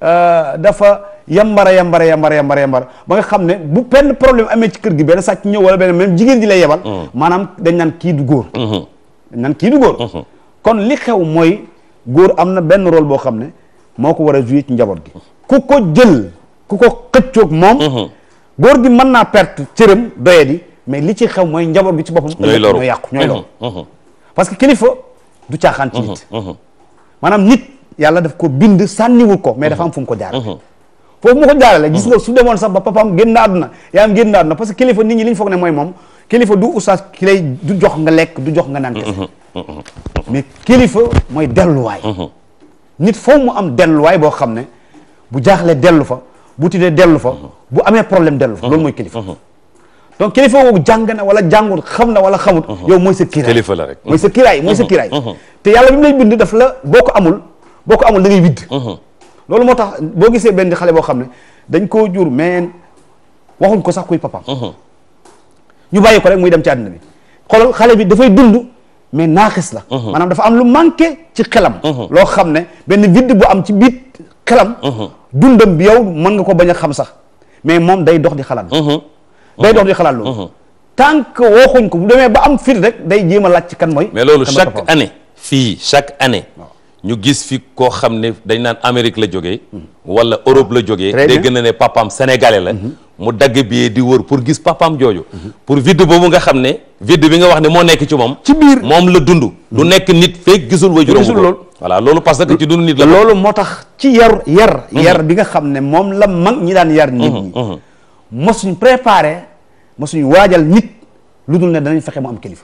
Euh, dafa yambara yambara yambara yambara yambara ba nga xam ne bu benn problème amee ci kër gi benn sàcc ñëw wala benn même jigéen ji lay yebal mm. maanaam dañ naan kii du góor mm-hmm. dañ naan kii du góor mm-hmm. kon li xew mooy góor am na benn role boo xam ne moo ko war a jouer ci njaboot gi ku ko jël ku ko xëccoog moom mm-hmm. góor gi mën naa perte cëram doye di mais li ci xew mooy njaboot gi ci boppam ñooy loru ñooy yàqu ñooy loru parce kilifa du caaxaan ci nit maanaam yàlla daf ko bind sànniwul ko mais dafa am fu mu ko jaarale mhm. foofu mu ko jaarale gis nga mhm. su demoon sax ba papaam génn àdduna yaa am génn àdduna parce que kilifa nit ñi li foog ne mooy moom kilifa du oustaz ki lay du jox nga lekk du jox nga naan kese mhm. mais kilifa mooy delluwaay nit foo mu am delluwaay boo xam ne bu jaaxlee dellu fa bu tiitee dellu fa bu amee problème dellu fa loolu mooy kilifa donc kilifa boobu jàng na wala jàngut xam na wala xamut yow mooy sa kiraay kilifa la rek mooy sa kiraay mooy sa kiraay te boo ko amul da ngay widd mhm. loolu moo tax boo gisee benn xale boo xam ne dañ koo jur mais waxuñ ko sax kuy papaam mhm. ñu bàyyi ko rek muy dem ci àddina bi xoolal xale bi dafay dund mais naaxis la mhm. maanaam dafa am lu manqué ci xelam loo xam ne benn vide boo am ci biir kelam dundam bi yow mën nga ko bañ a xam sax mais moom day dox di xalaat day dox di xalaat loolu tant que waxuñ ko bu demee ba am fit rek day jéem a laaj ci kan mooy mais loolu chaque année fii chaque année ñu gis fi koo xam ne dañ naan Amérique la jógee wala Europe la jógee dégg a ne papaam sénégalais la mhm. mu dagg billet di wër pour gis papaam jooju pour vide boobu nga xam ne vide bi nga wax ne moo nekk ci moom ci biir moom la dund mhm. nekk nit feeg gisul waajuram gisul loolu voilà loolu parce que ci dund nit la loolu moo tax ci yar yar mhm. yar bi nga xam ne moom la mag ñi daan yar nit ñi mosuñ préparé mosuñ waajal nit lu dul ne danañ fexe mu am kilifa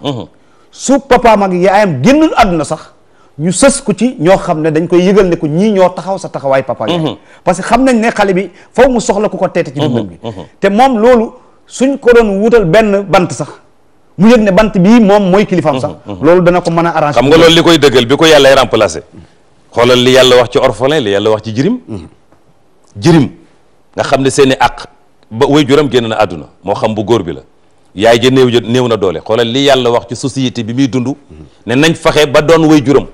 su papaam ak yaayam génnul àdduna sax ñu sës ko ci ñoo xam ne dañ koy yëgal ne ko ñii ñoo taxaw sa taxawaay papa mhm. parce que xam nañ ne xale bi faw mu soxla ku ko teete ci dundam mhm. bi mhm. te moom loolu suñ ko doon wutal benn bant sax mu yëg ne bant bii moom mooy kilifaam sax loolu dana ko mën a arrangé xam nga loolu li koy dëggal bi ko yàllay remplacé xoolal li yàlla wax ci orphelin li yàlla wax ci jirim jirim nga xam ne seeni àq ba way juram génn na àdduna moo xam bu góor bi la yaay ja néew ja néew na doole xoolal li yàlla wax ci société bi muy dund ne nañ faxe ba doon way juram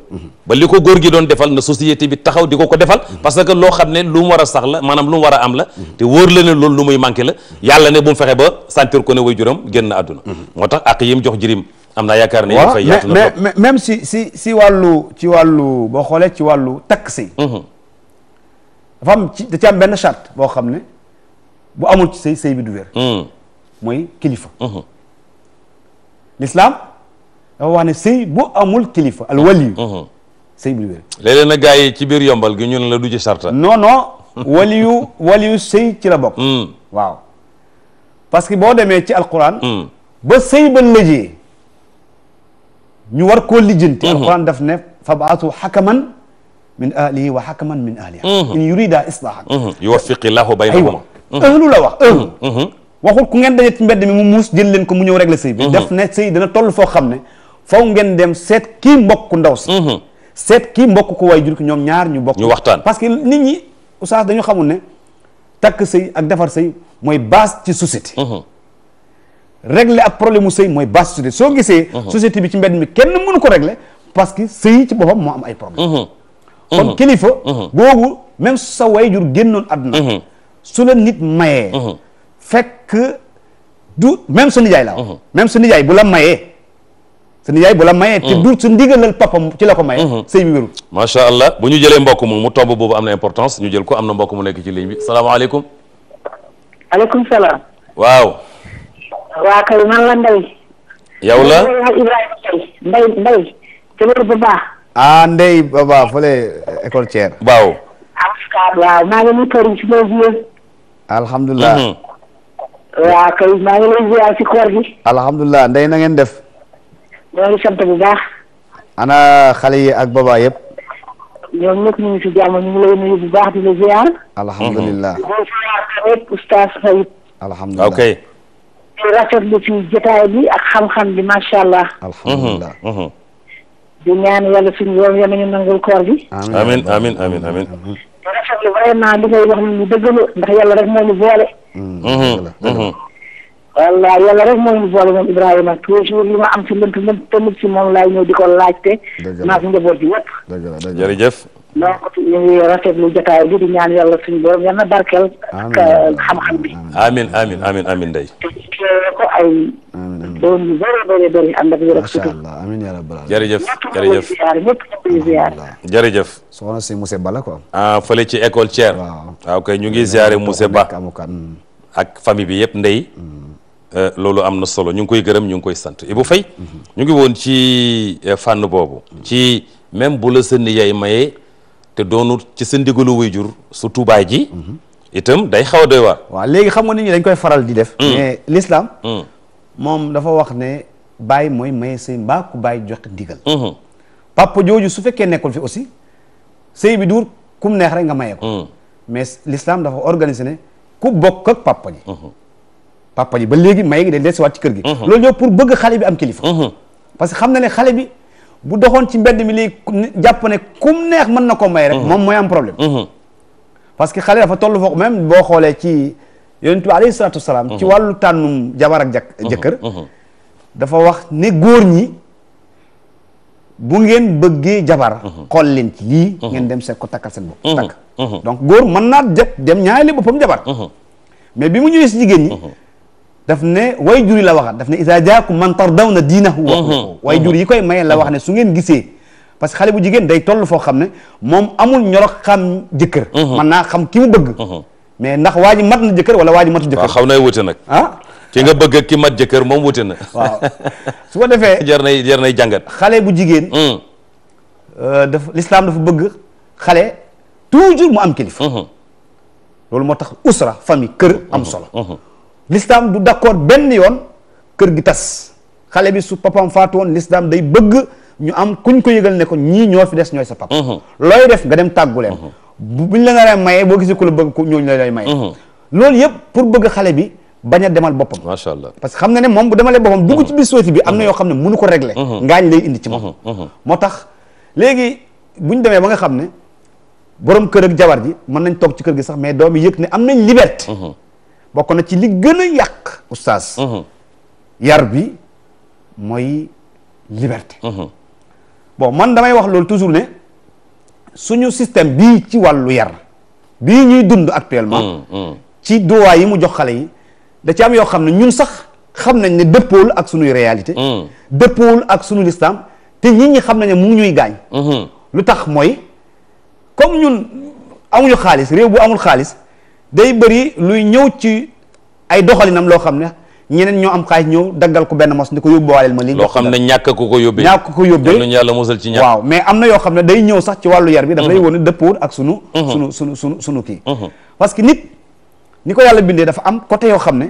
ba li ko góor gi doon defal na société bi taxaw di ko ko defal parce que loo xam ne lu mu war a sax la maanaam lu mu war a am la te wóor la ne loolu lu muy manqué la yàlla ne bu mu fexe ba sentir ko ne way juróom génn adduna moo tax ak yim jox jirim am naa yaakaar ne dafay yaatu na mais même si si si wàllu ci wàllu boo xoolee ci wàllu takk si mhm. dafa am ci da benn charte boo xam ne bu amul ci sëy du wér mhm. mooy kilifa l'islam dafa wax ne sëy bu amul kilifa al waliyu sëy bu wér léeg-léeg na gars yi ci biir yombal gi ñun la du ci sarta non non waliyu waliyu sëy ci la bokk mm. waaw parce que boo demee ci alquran mm. ba sëy ba lëjee ñu war koo lijjanti mm-hmm. alquran daf ne fabaatu xakaman min ahlihi wa xakaman min ahliha mm-hmm. in yurida islahan mm-hmm. yuwaffiqillahu baynahuma ahlu la wax ahlu waxul ku ngeen daje ci mbedd mi mu muus jël leen ko mu ñëw régler sëy bi mhm. def ne sëy dana toll foo xam ne faw ngeen dem seet kii mbokk ndaw si mhm. seet kii mbokk ko waay jur ki ñoom ñaar ñu bokk ñu waxtaan parce que nit ñi oustaz dañu xamul ne takk sëy ak defar sëy mooy base ci société mhm. régler ak mu sëy mooy base société soo gisee société bi ci mbedd mi kenn mënu ko régler parce que sëy ci boppam moo am ay problème kon kilifa googu même sa way jur génnoon àdduna su la nit mayee fekk du même sa nijaay la mhm. même sa nijaay bu la mayee sa nijaay bu la mayee te mhm. du su ndigalal papam ci la ko mayee mhm. sëy bi wérul macha allah bu ñu jëlee mbokk mu mu tomb boobu am na importance ñu jël ko am na mbokk mu nekk ci ligne bi salaamaaleykum aleykum salaam waaw waa kay man la Ndeye yow la Ibrahima Faye Ndeye Ndeye jëlër ba baax ah Ndeye ba baax fële eh, école Thier waaw waaw maa ngi nu këriñ si loo vie alhamdulilah waa kay maa ngi lay ziar ci koor gi. alhamdulilah ndey na ngeen def. ñoo ngi sant bu baax. ana xale yi ak baba yëpp. ñoom ñëpp ñu ngi ci jàmm ñu ngi lay nuyu bu baax di la ziar. alhamdulilah di la ziar alhamdulilah ok. di rafetlu ci jotaay bi ak xam-xam bi macha allah. alhamdulilah. Mhm, mhm. di ñaan yàlla suñu yoon yal nañu nangul koor gi. amiin ma rafetlu vraiment li ngay wax ni lu dëgg la ndax yàlla rek moo ñu boole. walla yàlla rek moo ñu boole moom Ibrahima toujours li ma am ci lënt lënt tamit ci moom laay ñëw di ko laajte. dëgg la maa fi njaboot ji wépp. dëgg la jërëjëf. donc ñu ngi rafetlu jotaay bi di ñaan yàlla ko ay. ci école Thier. waaw waaw ah, ñu ngi ziare monsieur Ba. Mm. ak famille bi yëpp Ndeye. Mm. Eh, loolu am na solo ñu ngi koy gërëm ñu ngi koy sant Ibou Faye. Mm-hmm. ñu ngi woon ci eh, fànn boobu. Mm. ci même bu la sën maye. te doonul ci sa ndigalu waajur su tuubaay ji itam day xaw a doy waa léegi xam nga nit ñi dañ koy faral di def mm. mais l'islam mm. moom dafa wax ne bàyyi mooy maye sëy mbaa ku bàyyi joxe ndigal mm-hmm. papa jooju su fekkee nekkul fi aussi sëy bi duur kum neex rek nga maye ko mm. mais l'islam dafa organisé ne ku bokk ak papa ji mm-hmm. papa ji ba léegi maye gi day dellusiwaat ci kër gi mm-hmm. loolu ñoo pour bëgg xale bi am kilifa parce xam na ne xale bi bu doxoon ci mbedd mi lii jàpp ne kum neex mën na ko may rek mhm. moom mooy am problème mhm. parce que xale dafa toll foofu même boo xoolee ci yonent bi alayhi salaatu wasalaam mhm. ci wàllu tànnum jabar ak jak jëkkër dafa wax ni góor ñi bu ngeen bëggee jabar xool leen ci lii ngeen dem seet ko takkal seen bopp takk donc góor mën naa jëpp dem ñaari boppam jabar mais bi mu ñëwee si jigéen ñi daf ne way jur yi la waxat daf ne isa jaakum man tardawna diinahu wa mhm. way jur yi koy maye la mhm. wax ne su ngeen gisee parce que xale bu jigéen day toll foo xam ne moom amul ñorok xam jëkkër man mhm. naa xam ki mu bëgg mais ndax waa ji mat na jëkkër wala waa ji matu jëkkër xaw nay wute nag ah ki nga bëgg ki mat jëkkër moom wute na waaw su defee jar nay jar nay jàngat xale bu jigéen euh, dafa l'islam dafa bëgg xale toujours mu am kilifa loolu moo tax usra famille kër am solo l'islam du d'accord benn yoon kër gi tas xale bi su papam faatu woon l'islam day bëgg ñu am kuñ ko yëgal ne ko ñii ñoo fi des ñooy sa papa mhm. looy def nga dem tàggu leen mhm. buñ la naree mayee boo gisee ku la bëgg ku ñooñu la lay maye mhm. loolu yëpp pour bëgg xale bi bañ a demal boppam parce que xam na ne moom bu demalee boppam dugg ci biir société bi am na yoo xam ne mënu ko régler ngaañ lay indi ci moom moo tax léegi buñ demee ba nga xam ne borom kër ak jabar mën nañ toog ci kër gi sax mais doom yi yëg am nañ liberté bokk na ci li gën yàq oustaz mhm. yar bi mooy liberté mhm. bon man damay wax loolu toujours ne suñu système bii ci wàllu yar bii ñuy dund actuellement mhm, ci droit yi mu jox xale yi da ci am yoo xam ne ñun sax xam nañ ne dëppool ak suñuy réalité dëppoowul ak suñu lislaam te nit ñi xam nañ ne mu ñuy gaañ lu tax mooy comme ñun amuñu xaalis réew bu amul xaalis day bëri luy ñëw ci ay doxalinam loo xam ne ñeneen ñoo am xaalis ñëw daggal ko benn mos ni ko yóbbuwaaleel ma lii loo xam ne ñàkk ko ko yóbbee ñàkk ko yóbbee ñu yàlla musal ci ñàkk waaw mais am na yoo xam ne day ñëw sax wàllu yar bi daf lay mhm. wone dëppwul ak mhm. sunu sunu sunu sunu sunu mhm. parce que nit ni ko yàlla bindee dafa am côté yoo xam ne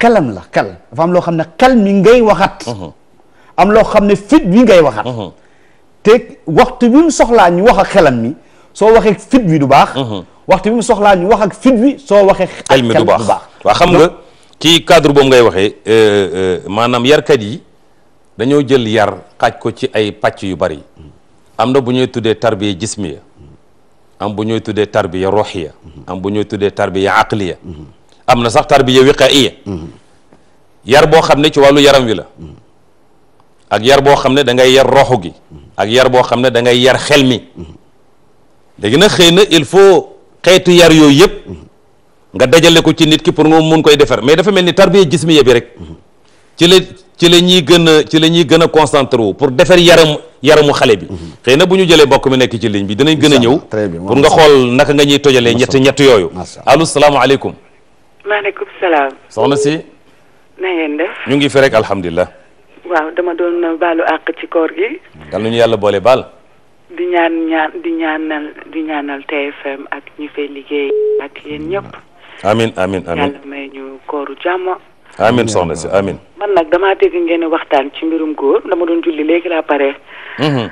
xelam la xel dafa am loo xam ne xel mi ngay waxat am loo xam ne fit bi ngay waxat te waxtu bi mu soxlaa ñu wax a xelam mi soo waxee fit wi du baax waxtu bi mu soxlaa ñu wax ak fit wi soo waxee. xel mi du baax waaw xam nga ci cadre boobu ngay waxee euh, euh, maanaam yarkat yi dañoo jël yar kaaj ko ci ay pàcc yu bari am na bu ñuy tuddee tarbiya jismiya am bu ñuy tuddee tarbiya ruhiya am bu ñuy tuddee tarbiya aqliya am na sax tarbiya wiqaiya yar boo xam ne ci wàllu yaram wi la ak yar boo xam ne da ngay yar roxu gi ak yar boo xam ne da ngay yar xel mi léegi nag xëy na il faut xeetu yar yooyu yëpp nga dajale ko ci nit ki pour moom mun koy defar mais dafa mel ni tarbiya jismiya bi rek ci la ci la ñuy gën a ci la ñuy gën a concentré wu pour defar yaram yaramu xale bi mhm. xëy na bu ñu jëlee mbokk mi nekk ci ligne bi danañ gën a ñëw pour nga xool naka nga ñuy tojalee ñett ñett yooyu allo salaamaaleykum maaleykum soxna si ñu ngi fi rek alhamdulilah waaw dama doon baalu àq ci koor gi dal nañu yàlla boole baal di ñaan ñaan di ñaanal di ñaanal TFM ak ñi fay liggéey ak yéen ñëpp. amin amin amin kooru jàmm. amin soxna si amin man nag damaa dégg ngeen waxtaan ci mbirum góor dama doon julli léegi laa pare. Mhm.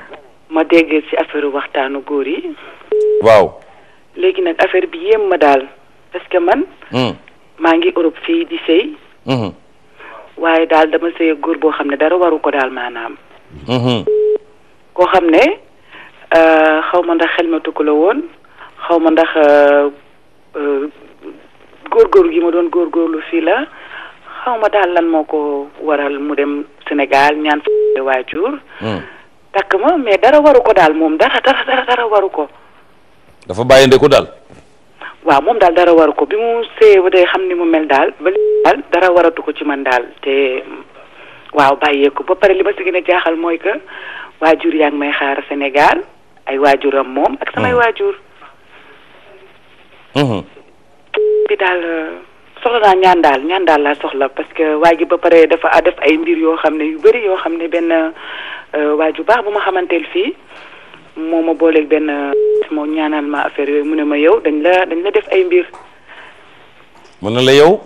ma déggee ci affaire waxtaanu góor yi. waaw. léegi nag affaire bi yéem ma daal parce que man. Mhm. maa ngi Europe fii di sëy. Mhm. waaye daal dama sëy góor boo xam ne dara waru ko daal maanaam. koo xam ne. Euh, xaw ma ndax xel ma tukku la woon xaw ma ndax euh, euh, góorgóorlu gi ma doon góorgóorlu fii la xaw ma daal lan moo ko waral mu dem Sénégal ñaan fa waajur hmm. takk ma mais dara waru ko daal moom dara dara waru ko dafa bàyyi ndeku daal waaw moom daal dara waru ko bi mu see ba day xam ni mu mel daal ba dara waratu ko ci man daal te waaw bàyyeeku ba pare li ma si gën jaaxal mooy que waajur yaa ngi may xaar Sénégal ay waajuram moom ak samay hmm. waajur hmm. bi daal euh, soxla naa ñaan daal ñaan daal laa soxla parce que waa ji ba pare dafa def ay mbiir yoo xam ne yu bëri yoo xam ne benn euh, waa ju baax bu ma xamanteel fii moo ma booleeg benn euh, moo ñaanal yooyu mu ne ma yow dañ la dañ la def ay mbir mu ne la yow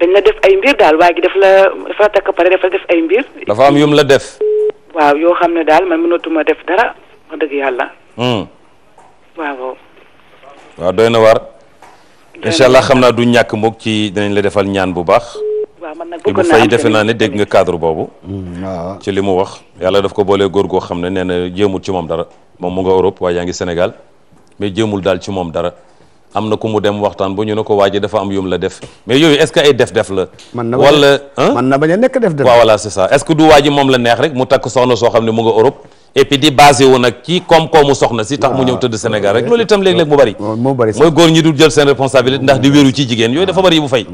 dañ la def ay mbir daal waa gi daf la dafa la takk pare dafa def ay mbir dafa am yum la def waaw yoo xam ne daal man mënatuma def dara wax dëgg yàlla. Hmm. doy na waar. incha allah xam naa du ñàkk moog ci dinañ la defal ñaan bu baax. waaw man defe naa ne dégg nga cadre boobu. Hmm, waaw ci li mu wax. yàlla daf ko boolee góor xam ne nee na jéemul ci moom dara moom mu nga Europe waaye yaa ngi Sénégal mais jéemul daal ci moom dara am na ku mu dem waxtaan bu ñu ne ko waa ji dafa am yum la def mais yooyu est-ce que ay def-def la. wala man na bañ a nekk def-def. waaw voilà c'est ça est-ce que du waa moom la neex rek mu takk soxna soo xam ne mu nga et puis di basé wu nag ci koom-koomu soxna si tax mu ah, ñëw tëdd Sénégal rek loolu itam léeg-léeg mu bari mooy góor ñi du jël seen responsabilité ndax di wéeru ci jigéen yooyu dafa bari yi bu fay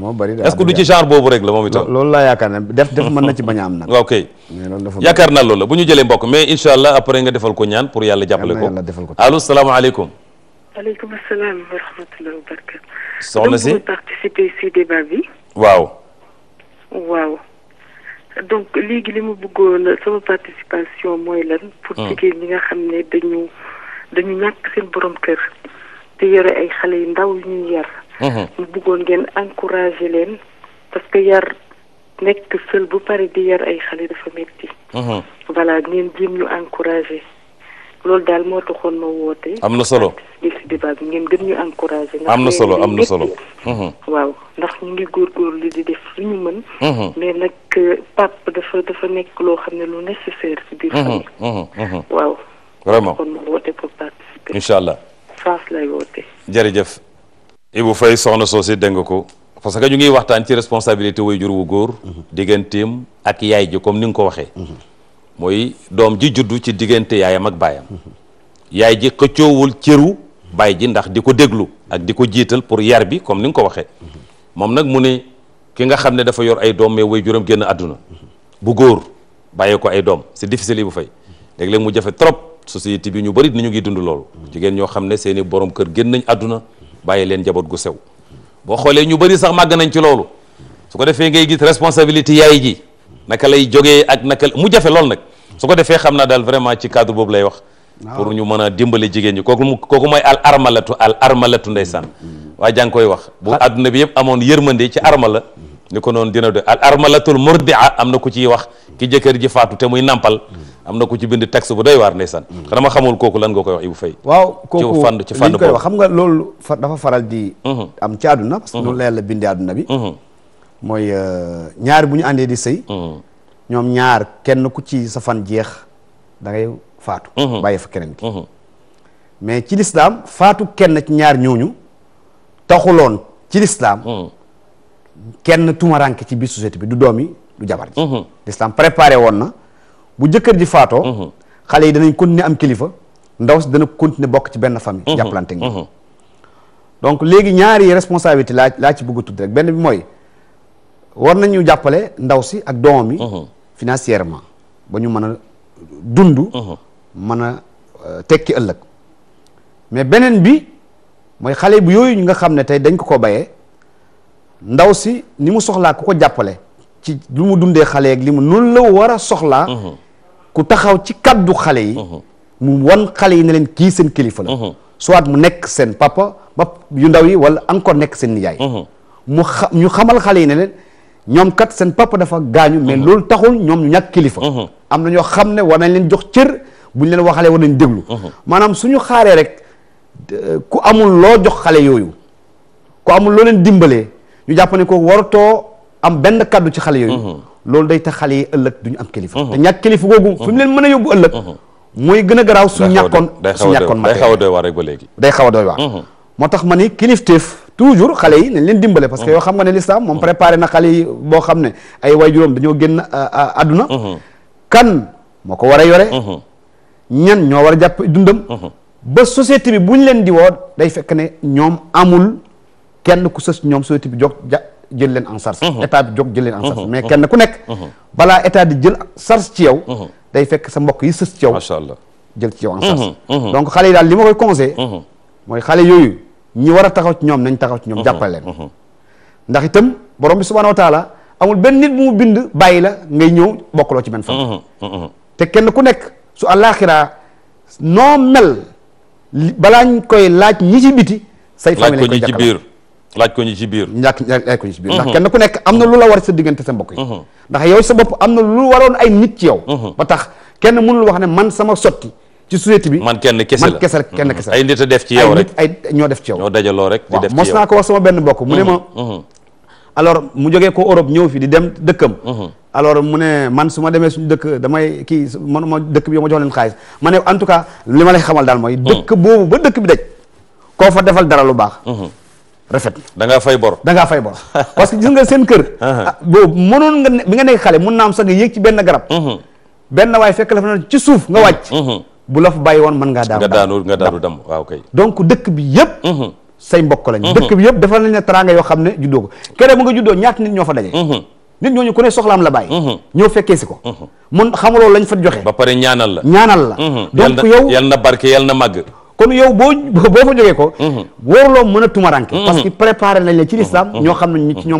est-ce que du ci genre boobu rek la moom itam loolu laa yaakaar ne def def mën na ci bañ a am nag ok yaakaar naa loolu la bu ñu jëlee mbokk mais incha allah après nga defal ko ñaan pour yàlla jàppale ko allo salaamaaleykum aleykum soxna si waaw donc léegi li mu buggoon sama participation mooy lan. pour ah. jigéen ñi nga xam ne dañu dañu ñàkk seen borom kër. di yore ay xale yu ndaw yu ñuy yar. Uh-huh. mu bëggoon ngeen encourager leen parce que yar nekk seul bu pare di yar ay xale dafa metti uh-huh. voilà ngeen jéem ñu encourager. loolu daal moo taxoon ma woote. am na solo ngeen gën ñu encouragé. am na solo am na solo waaw ndax ñu ngi góorgóorlu di def lu ñu mën. mais nag euh, Pape dafa dafa nekk loo xam ne lu nécessaire si biir famille. waaw. vraiment kon ma woote pour participer. incha allah France lay woote. jërëjëf Ibou Faye soxna soosi dégg nga ko parce que ñu ngi waxtaan ci responsabilité way jur wu góor. digganteem ak yaay ji comme ni nga ko waxee. mooy doom ji juddu ci diggante yaayam ak baayam yaay ji xëccoowul cëru baay ji ndax di ko déglu ak di ko jiital pour yar bi comme ni nga ko waxee moom nag mu ne ki nga xam ne dafa yor ay doom mais way juróom génn àdduna bu góor bàyyee ko ay doom c'est difficile yi bu fay léeg leen mu jafe trop société bi ñu bëri ni ñu ngi dund loolu jigéen ñoo xam ne seeni borom kër génn nañ àdduna bàyyi leen njaboot gu sew boo xoolee ñu bëri sax màgg nañ ci loolu su naka lay jógee ak naka mu jafe lool nag su ko defee xam naa daal vraiment ci cadre boobu lay wax pour ñu mën a dimbale jigéen ñi kooku mu kooku mooy al armalatu al armalatu ndeysaan mm-hmm. Mm-hmm. waa jaa ngi koy wax bu àdduna bi yëpp amoon yërmande ci armala mm-hmm. ni ko noonu dina de al armalatul murdia am na ku ciy wax ki jëkkër ji faatu te muy nampal am na ku ci bind texte bu doy waar ndeysaan xanaa ma xamul kooku lan nga koy wax Ibou Faye waaw kooku ci fànn ci fànn boobu xam nga loolu dafa faral di am ci àdduna parce mooy euh, ñaar bu ñu àndee di sëy mm-hmm. ñoom ñaar kenn ku ci sa fan jeex da ngay faatu mm-hmm. bàyyi fa keneen ki mm-hmm. mais ci lislaam faatu kenn ci ñaar ñooñu taxuloon ci lislaam kenn tumaranke ci biir société bi du doom yi du jabar ji lislaam préparé woon na bu jëkkër ji faatoo xale yi danañ continuer am kilifa ndaw si dana continuer bokk ci benn famille jàppalante ngi donc léegi ñaari responsabilité laa laa ci bëgg a tudd rek benn bi mooy war nañu jàppale ndaw si ak doomam yi financièrement ba ñu mën a dund mën a euh, tekki ëllëg mais beneen bi mooy xale bi yooyu ñu nga xam ne tey dañ ko ko bayee ndaw si ni mu soxlaa ku ko jàppale ci lu mu dundee xale ak li mu noonu la war a soxlaa ku taxaw ci kàddu xale yi mu wan xale yi ne leen kii seen kilifa la soit mu nekk seen papa ba yu ndaw yi wala encore nekk seen nijaay mu ñu xamal xale yi ne leen ñoom kat seen papa dafa gaañu mais mhm. loolu taxul ñoom ñu ñàkk kilifa mhm. am na ñoo xam ne war nañ leen jox cër bu ñu leen waxalee war nañ déglu mhm. maanaam suñu xaaree rek ku amul loo jox xale yooyu ku amul loo leen dimbalee ñu jàpp ne kooku waratoo am benn kàddu ci xale yooyu loolu day tax xale yi ëllëg du ñu am kilifa te ñàkk kilifa googu fi mu leen mën a yóbbu ëllëg mooy gën a garaaw su ñàkkoon su ñàkkoon matériel day xaw a doy waar rek ba léegi day xaw a doy moo tax ma ni kilifteef toujours xale yi nañ leen dimbale parce que mhm. yoo xam nga ne l'islam moom préparé na xale yi boo xam ne ay waajuram dañoo génn euh, euh, àdduna mhm. kan moo ko war a yore mhm. ñan ñoo war jàpp dundam ba société bi bu ñu leen di woo day fekk ne ñoom amul kenn ku sës ñoom société bi jóg ja jël leen en charge état bi jóg jël leen en charge mais kenn ku nekk balaa état di jël charge ci yow day fekk sa mbokk yi sës ci yow macha jël ci yow en charge donc xale yi daal yooyu ñi war a taxaw ci ñoom nañ taxaw ci ñoom mhm, jàppale leen mhm. ndax itam borom bi subhaanahu wa taala amul benn nit bu mu bind bàyyi la ngay ñëw bokkaloo ci benn fan mhm, te kenn ku nekk su àllaaxiraa noo mel balaañ koy laaj ñi ci biti say famille ci biir laaj ko ñi biir laaj ko ñi ci biir kenn ku nekk am na lu la war sa diggante sa mbokk yi ndax yow sa bopp am na lu waroon ay nit ci yow ba tax kenn mënul wax ne man sama sotti ci société bi man kenn kese la man kenn kese la ay nit a def ci yow rek ay nit ay ñoo def ci yow ñoo dajaloo rek di def ci yow mos naa ko benn mbokk mu ne ma mhm, mhm. alors mu jógee ko Europe ñëw fi di dem dëkkam mhm. alors mu ne man su ma demee suñu dëkk damay kii man ma dëkk bi yow ma jox leen xaalis ma ne en tout cas li ma lay xamal daal mooy dëkk boobu ba dëkk bi daj koo fa defal dara lu baax rafet da ngaa fay bor da ngaa fay bor parce que gis nga seen kër uh-huh. ah, boobu mënoon nga bi nga nekk xale mun naa am sax nga ci benn garab benn waay fekk la nga wàcc bu la fa bàyyi woon mën ngaa daanu nga daanu nga daanu dam waaw kay donc dëkk bi yëpp mhm. say mbokk lañ mhm. dëkk bi yëpp defal nañ la teraanga yoo xam ne juddoo ko kere mu nga juddoo ñaata nit ñoo fa daje mhm. nit a tumaranke ñoo xam ne ci a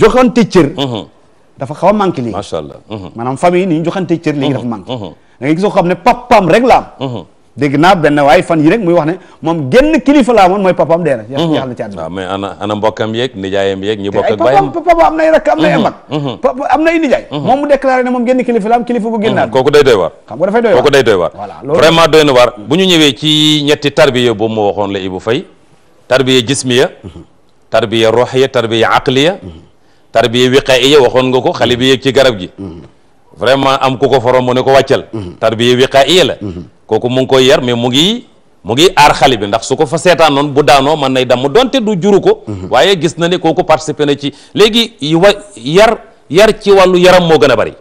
joxante cër dafa xaw a manqué léegi macha allah maanaam ni ñu joxante cër léegi dafa manqué da ngay gis koo xam ne papam rek la mhm. muy wax ne moom genn kilifa laa amoon mooy papaam dee na yàlla na ci àddina waaw mais ana ana mbokkam yeeg nijaayam yeeg ñu bokk ak eh, baayam papa am nay rakk am nay mhm. mag papa mhm. am nay nijaay moom mu déclaré ne moom genn kilifa la am kilifa gu génnaat kooku day doy waar xam nga doy na waar bu ñu ñëwee ci ñetti tarbiya boobu ma waxoon la Ibou Faye tarbiya jismiya tarbiya ruhiya tarbiya aqliya tarbiya wiqaiya waxoon nga ko xale bi yeeg ci garab gi vraiment am ku ko forom mu ne ko wàccal mhm. tarbiya wiqaaiya la mhm. kooku mu ngi koy yar mais mu ngi mu ngi aar xale bi ndax su ko fa seetaan noonu bu daanoo mën nay damm donte du juru ko mhm. waaye gis na ne kooku participé na ci léegi wa yar yar ci wàllu yaram moo gën a bari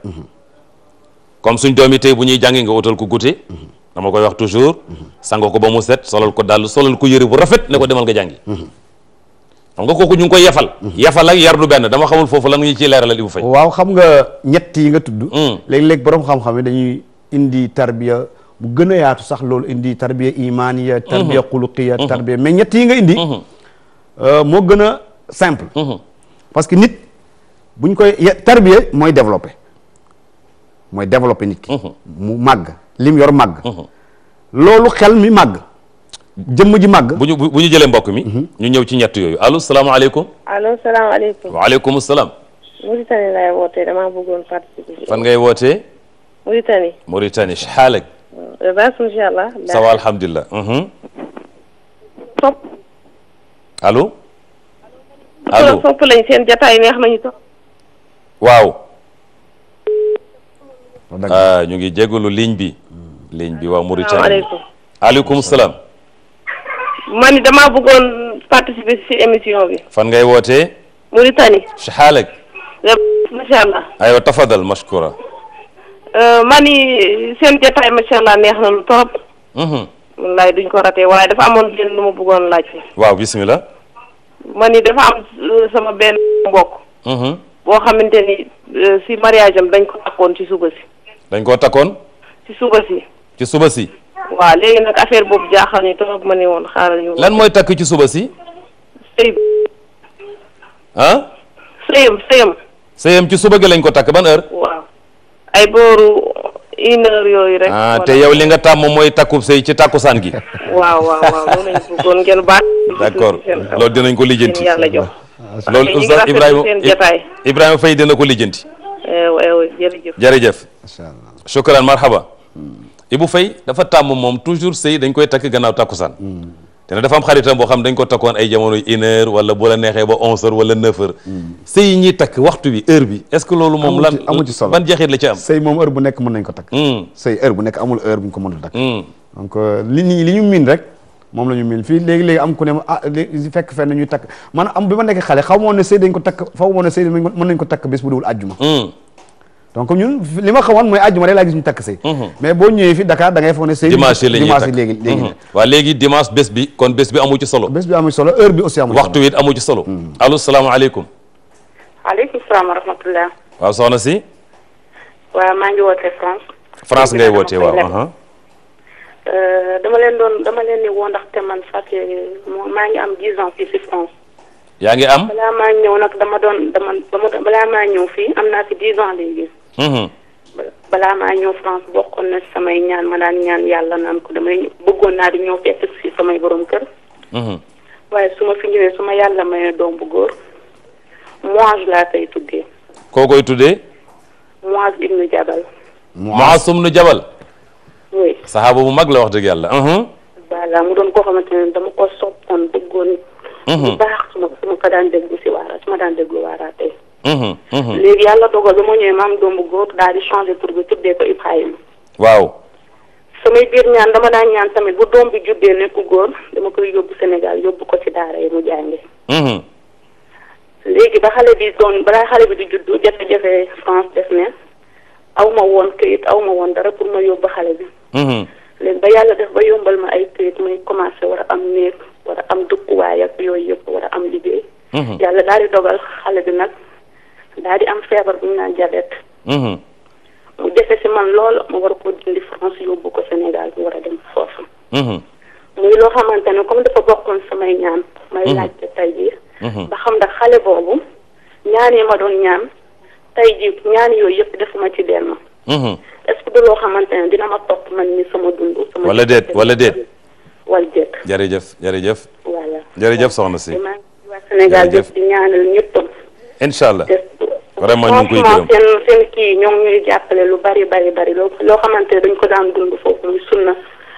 comme suñ doomi tey bu ñuy jàngi nga utal ko goûter dama koy wax toujours sangoo ko ba mu set solal ko dàll solal ko yére bu rafet ne ko demal nga jàngi xam nga kooku ñu ngi koy yafal yafal ak yar du benn dama xamul foofu lan ñu ciy leeralal Ibou Faye waaw xam nga ñett yi nga tudd hmm. léeg-léeg borom xam-xam yi dañuy indi tarbiya bu gën a yaatu sax loolu indi tarbiya imaniya hmm. tarbiya xuluqiya hmm. tarbiya mais ñett yi nga indi euh, moo gën a simple parce que nit buñ koy tarbiya mooy développé mooy développé nit ki mu màgg lim yor màgg loolu xel mi màgg jëmm ji màgg. bu ñu bu ñu jëlee mbokk mi. Mhm. ñu ñëw ci ñett yooyu allo salaamaaleykum. allo salaamaaleykum. waaleykum salaam. Mauritanie laay wootee damaa bëggoon participer. fan ngay wootee. Mauritanie. Mauritanie xaalag. Eh baas incha allah. ça va alhamdulilah. Mhm. sopp. allo. allo sopp lañ seen jataay neex nañu trop. waaw. Ah, ñu ngi jégalu ligne bi. ligne bi waa Mauritanie. waaleykum salaam. ma ni damaa bëggoon participer ci émission bi. fan ngay wootee. Mauritanie. si xaalek. macha allah. aywa tafadal mashkura. Euh, ma ni seen jotaay macha allah neex na lu trop. Mhm. wallaay duñ ko rate waaye dafa amoon lu ma bëggoon laaj waaw bismillah. ma ni dafa am euh, sama benn mbokk. Mhm. boo xamante ni euh, si mariage dañ ko takkoon ci suba si. dañ koo takkoon. ci suba si. ci suba si. waaw léegi affaire boobu jaaxal ñu trop ma woon lan mooy takk ci suba si. sëy bi. ci suba gi lañ ko takk ban heure. ay booru une heure yooyu rek. Ah, te yow li nga tàmm mooy takku sëy ci takku saan gi. waaw waaw waaw dinañ ko lijjanti yàlla jox. Ibrahima Ibrahima Faye ko lijjanti. Eh, eh, jërëjëf shukran marhaba. Hmm. Ibou Faye dafa tàmm moom toujours sëy dañ koy takk gannaaw takkusaan te ne dafa am xaritam boo xam dañ ko takkoon ay jamonoy une heure wala bu neexee ba onze heures wala neuf heures sëy yi takk waxtu bi heure bi est ce que loolu moom lan amu ci solo ban jeexit la ci am sëy moom heure bu nekk mën nañ ko hmm. ñu ko mënul takk hmm. donc euh, li ñu li miin rek moom la ñu miin fii léegi léegi am ku ne ah, fekk fenn ñuy takk maanaam am bi ma nekk xale xaw moon ne sëy dañ ko takk faw moon ne sëy mën nañ ko takk bés bu dul àjjuma hmm. donc ñun li ma xamoon mooy àjjuma rek laa gis ñu takk sëy mhm. mais boo ñëwee fi Dakar da ngay foog ne sëy dimanche la takk mhm. waaw léegi dimanche bés bi kon bés bi amu ci solo bés bi amu ci solo heure bi aussi amu ci solo waxtu wi amu mhm. aleykum salaam wa waaw soxna si waaw maa ngi wootee France France ngay wootee waaw uh-huh. euh, dama leen doon dama leen ni woo ndaxte man fàtte maa ngi am dix ans fii si France yaa ngi am balaa maa ñëw nag dama doon Mm-hmm. balaa maa ñëw France bokkoon na samay ñaan ma daan ñaan yàlla naan ko damay bëggoon naa di ñëw fekk si samay borom kër. Mm-hmm. waaye su ma fi ñëwee su ma yàlla mayee doom bu góor Muaz laa koy tuddee. koo koy tuddee. Muaz ibnu Jabal. Muaz ibnu Jabal. oui saxaaba bu mag la wax dëgg yàlla. Mm-hmm. voilà mu doon koo xamante ne dama ko soppoon bëggoon. baax su ma ko daan déglu si waaraat su ma daan déglu waaraatee. Mhm, mhm. léegi yàlla dogal ba ma ñëwee ma am doom bu góor daal di changé tur bi tuddee ko Ibrahima. waaw. samay biir ñaan dama daan ñaan tamit bu doom bi juddee nekku góor dama koy yóbbu Sénégal yóbbu ko ci daara yi mu jàngee. Mhm. léegi ba xale bi doon balaa xale bi di juddu jafe-jafe France def ne aw ma woon këyit aw ma woon dara pour ma yóbbu xale bi. léegi ba yàlla def ba yombal ma ay këyit muy commencé war a am néeg war a am dëkkuwaay yooyu yëpp war a am liggéey. daal di am feebar bu ñu naan diabète. Mhm. mu jafe si man lool mu war ko dindi France yóbbu ko Sénégal mu war a dem foofu. Mhm. muy loo xamante ne comme dafa bokkoon samay ñaan. may mhm. laajte tey jii. ba xam ndax xale boobu ñaan yi ma doon ñaan tey jii ñaan yooyu yëpp defuma ci benn. est-ce que du loo xamante dina ma topp man ni sama dund. sama wala déet wala déet. wala déet. jërëjëf jërëjëf. voilà jërëjëf si. ñaanal ñëpp. incha allah. vraiment ñu ngi koy gërëm seen kii ñoom ñuy jàppale lu bari bari bari loo loo xamante ne dañ ko daan dund foofu muy sunna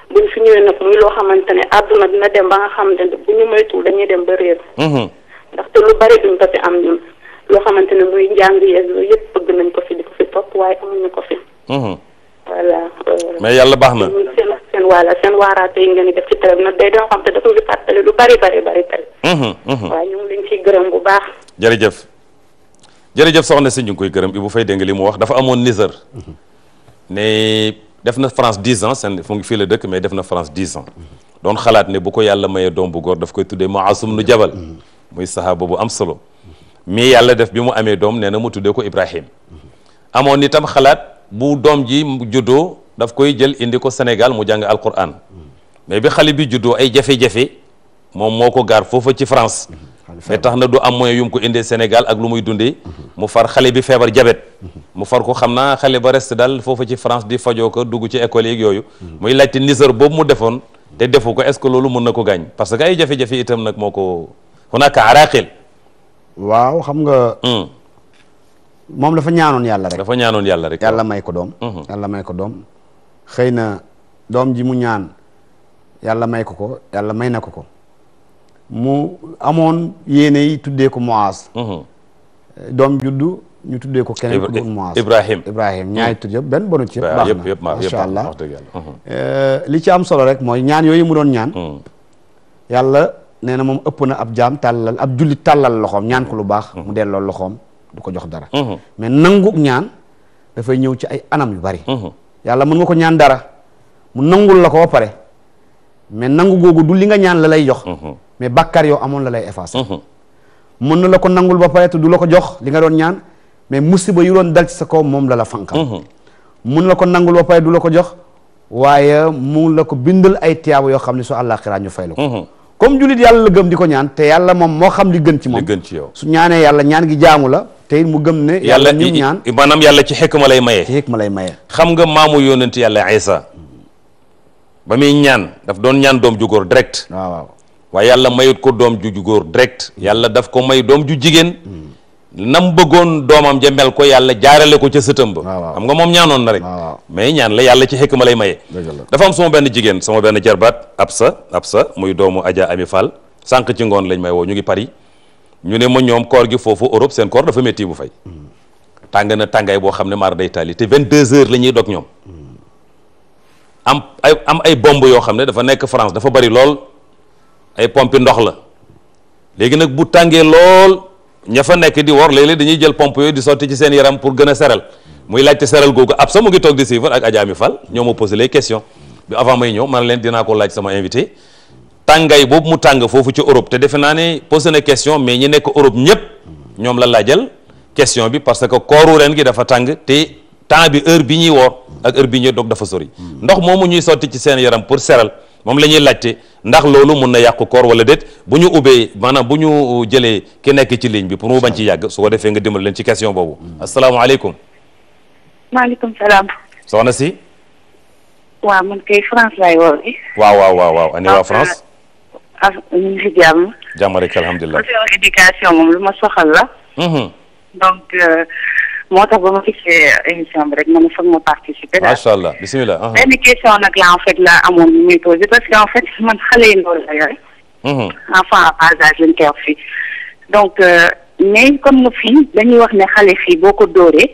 buñ fi ñëwee nag muy loo xamante ne àdduna dina dem ba nga xam ne bu ñu moytuwul dañuy dem ba réer. Mm-hmm. ndaxte lu bari duñ ko fi am ñun loo xamante ne muy njàng yeeg yooyu yëpp bëgg nañ ko fi di ko fi topp waaye amuñu ko fi. Mm-hmm. voilà. Euh, mais yàlla baax na seen waaraate yi ngeen di def ci télé bi day doon xam te dafa ngi fàttali lu bari bari bari. Mm-hmm, waaye ñu ngi leen ciy gërëm bu baax. jërëjëf. jërëjëf soxna si ñu ngi koy gërëm Ibou Faye dégg nga li mu wax dafa amoon niseur ne def na France dix ans seen fu ngi fii la dëkk mais def na France dix ans doon xalaat ne bu ko yàlla mayee doom bu góor daf koy tuddee Maasum nu Jabal muy sahaaba bu am solo mais yàlla def bi mu amee doom nee na mu tuddee ko Ibrahim amoon itam xalaat bu doom ji juddoo daf koy jël indi ko Sénégal mu jàng alquran mais bi xale bi juddoo ay jafe-jafe moom moo ko gaar foofa ci France mais tax na du am moyen yu mu ko indee Sénégal ak lu muy dundee mu far xale bi feebar jabet mu far ko xam naa xale ba reste daal foofa ci France di fajoo ko dugg ci école yeeg yooyu muy laajte niseur boobu mu defoon te defu ko est-ce que loolu mën na ko gaañ parce que ay jafe-jafe itam nag moo ko hunaka araqil waaw xam nga hmm. moom dafa ñaanoon yàlla rek dafa ñaanoon yàlla rek yàlla may doom hmm. yàlla may ko doom xëy na doom ji mu ñaan yàlla may ko ko yàlla may na ko ko mu amoon yéene yi tuddee ko Muaz. Mhm. doom juddu ñu tuddee ko keneen ku doon Muaz. Ibrahim Ibrahim mhm. ñaari tur yëpp benn bonu ci baax na macha allah mhm. eh, li ci am solo rek mooy ñaan yooyu mu doon ñaan. yàlla nee na moom ëpp na ab jaam tàllal ab julli tàllal loxoom ñaan ko lu baax. mu delloo loxoom du ko jox dara. mais nangu ñaan dafay ñëw ci ay anam yu bari. yàlla mën nga ko ñaan dara mu nangul la ko ba pare mais nangu googu du li nga ñaan la lay jox. mais bàkkaar yow amoon la lay effacer. Mhm. mën na la ko nangul ba pare te du la ko jox li nga doon ñaan mais musiba yu doon dal ci sa kaw moom la la fankal mhm. mën na la ko nangul ba pare du la ko jox waaye mu la ko bindal ay tiyaaba yoo xam ne su àllaaxiraa ñu fay la ko mhm. comme jullit yàlla la gëm di ko ñaan te yàlla moom moo xam li gën ci moom li gën su ñaanee yàlla ñaan gi jaamu la te it mu gëm ne yàlla ñim ñaan maanaam yàlla ci xekk ma lay maye ci ma lay maye xam nga maamu yónent yàlla Isa ba muy ñaan daf doon ñaan doom ju góor direct waaye yàlla mayut ko doom ju góor direct yàlla daf ko may doom ju jigéen nam bëggoon doomam jëmbel ko yàlla jaarale ko ca sëtam ba xam nga moom ñaanoon na rek mais ñaan la yàlla ci xekk ma lay maye dafa am sama benn jigéen sama benn jarbaat Absa sa muy doomu Adja Ami Fall sànq ci ngoon lañ may woo ñu ngi Paris ñu ne ma ñoom koor gi foofu Europe seen koor dafa métti bu fay tàng na tàngaay boo xam ne maar day taali te vingt deux heures la ñuy dog ñoom am ay am yoo xam ne dafa nekk France dafa bari lool ay pompi ndox la léegi nag bu tàngee lool ña fa nekk di wor léeg-léeg dañuy jël pompe yooyu di sotti ci seen yaram pour gën a seral muy laajte seral googu ab sa mu ngi toog di suivre ak Adja mi Fall ñoo ma posé les questions bi avant may ñëw man leen dinaa ko laaj sama invité tàngaay boobu mu tàng foofu ci Europe te defe naa ne posé na question mais ñi nekk Europe ñëpp ñoom la laajal question bi parce que kooru gi dafa tàng te temps bi heure bi ñuy woor ak bi ñuy dafa sori hmm. moom la ñuy laajte ndax loolu mun na yàqu koor wala déet bu ñu ubbee maanaam bu ñu jëlee ki nekk ci ligne bi pour mu bañ ci yàgg su ko defee nga dimbali leen ci question boobu asalaamaaleykum maaleykum salaam soxna si waaw man waaw waaw waaw waa ah, France ah, ah ñu alhamdulilah moom lu ma soxal la mhm. donc euh, moo tax ba ma eh, fixé émission bi rek ma ne foog ma participer. macha allah bisimilah. benn nag la en fait la amoon lu muy posé parce que man xale yi loolu la yore. enfant à bas âge lañ koy wax fii donc mais comme fii dañuy wax ne xale fii boo ko dóoree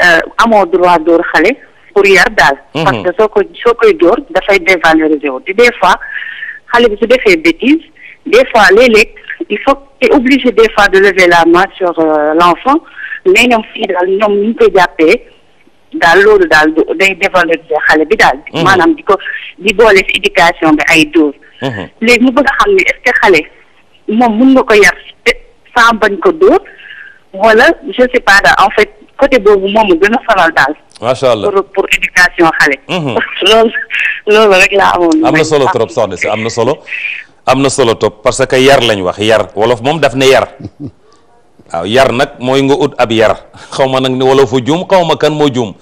eh, amoo droit dóor xale pour yar daal. Mhm. parce que soo ko soo koy dóor dafay dévaloriser wu te des fois xale bi su defee bêtise des fois léeg-léeg il faut que obligé des fois de lever la main sur euh, l'enfant mais ñoom fii daal ñoom ñu koy jàppee daal loolu daal du day développé xale bi daal. Mhm. maanaam di ko di boole si éducation bi ay dóor. Mhm. léegi mu bëgg a xam ne est xale moom mun nga ko yar sans bañ ko dóor wala je sais pas daal en fait côté boobu moom gën a faral daal. macha allah pour pour éducation xale. Mhm. loolu loolu rek laa amoon. am na solo trop soxna si am na solo am na solo trop parce que yar lañ wax yar wolof moom daf ne yar. waaw yar nag mooy nga ut ab yar xaw ma nag ni wala fa juum xaw ma kan moo juum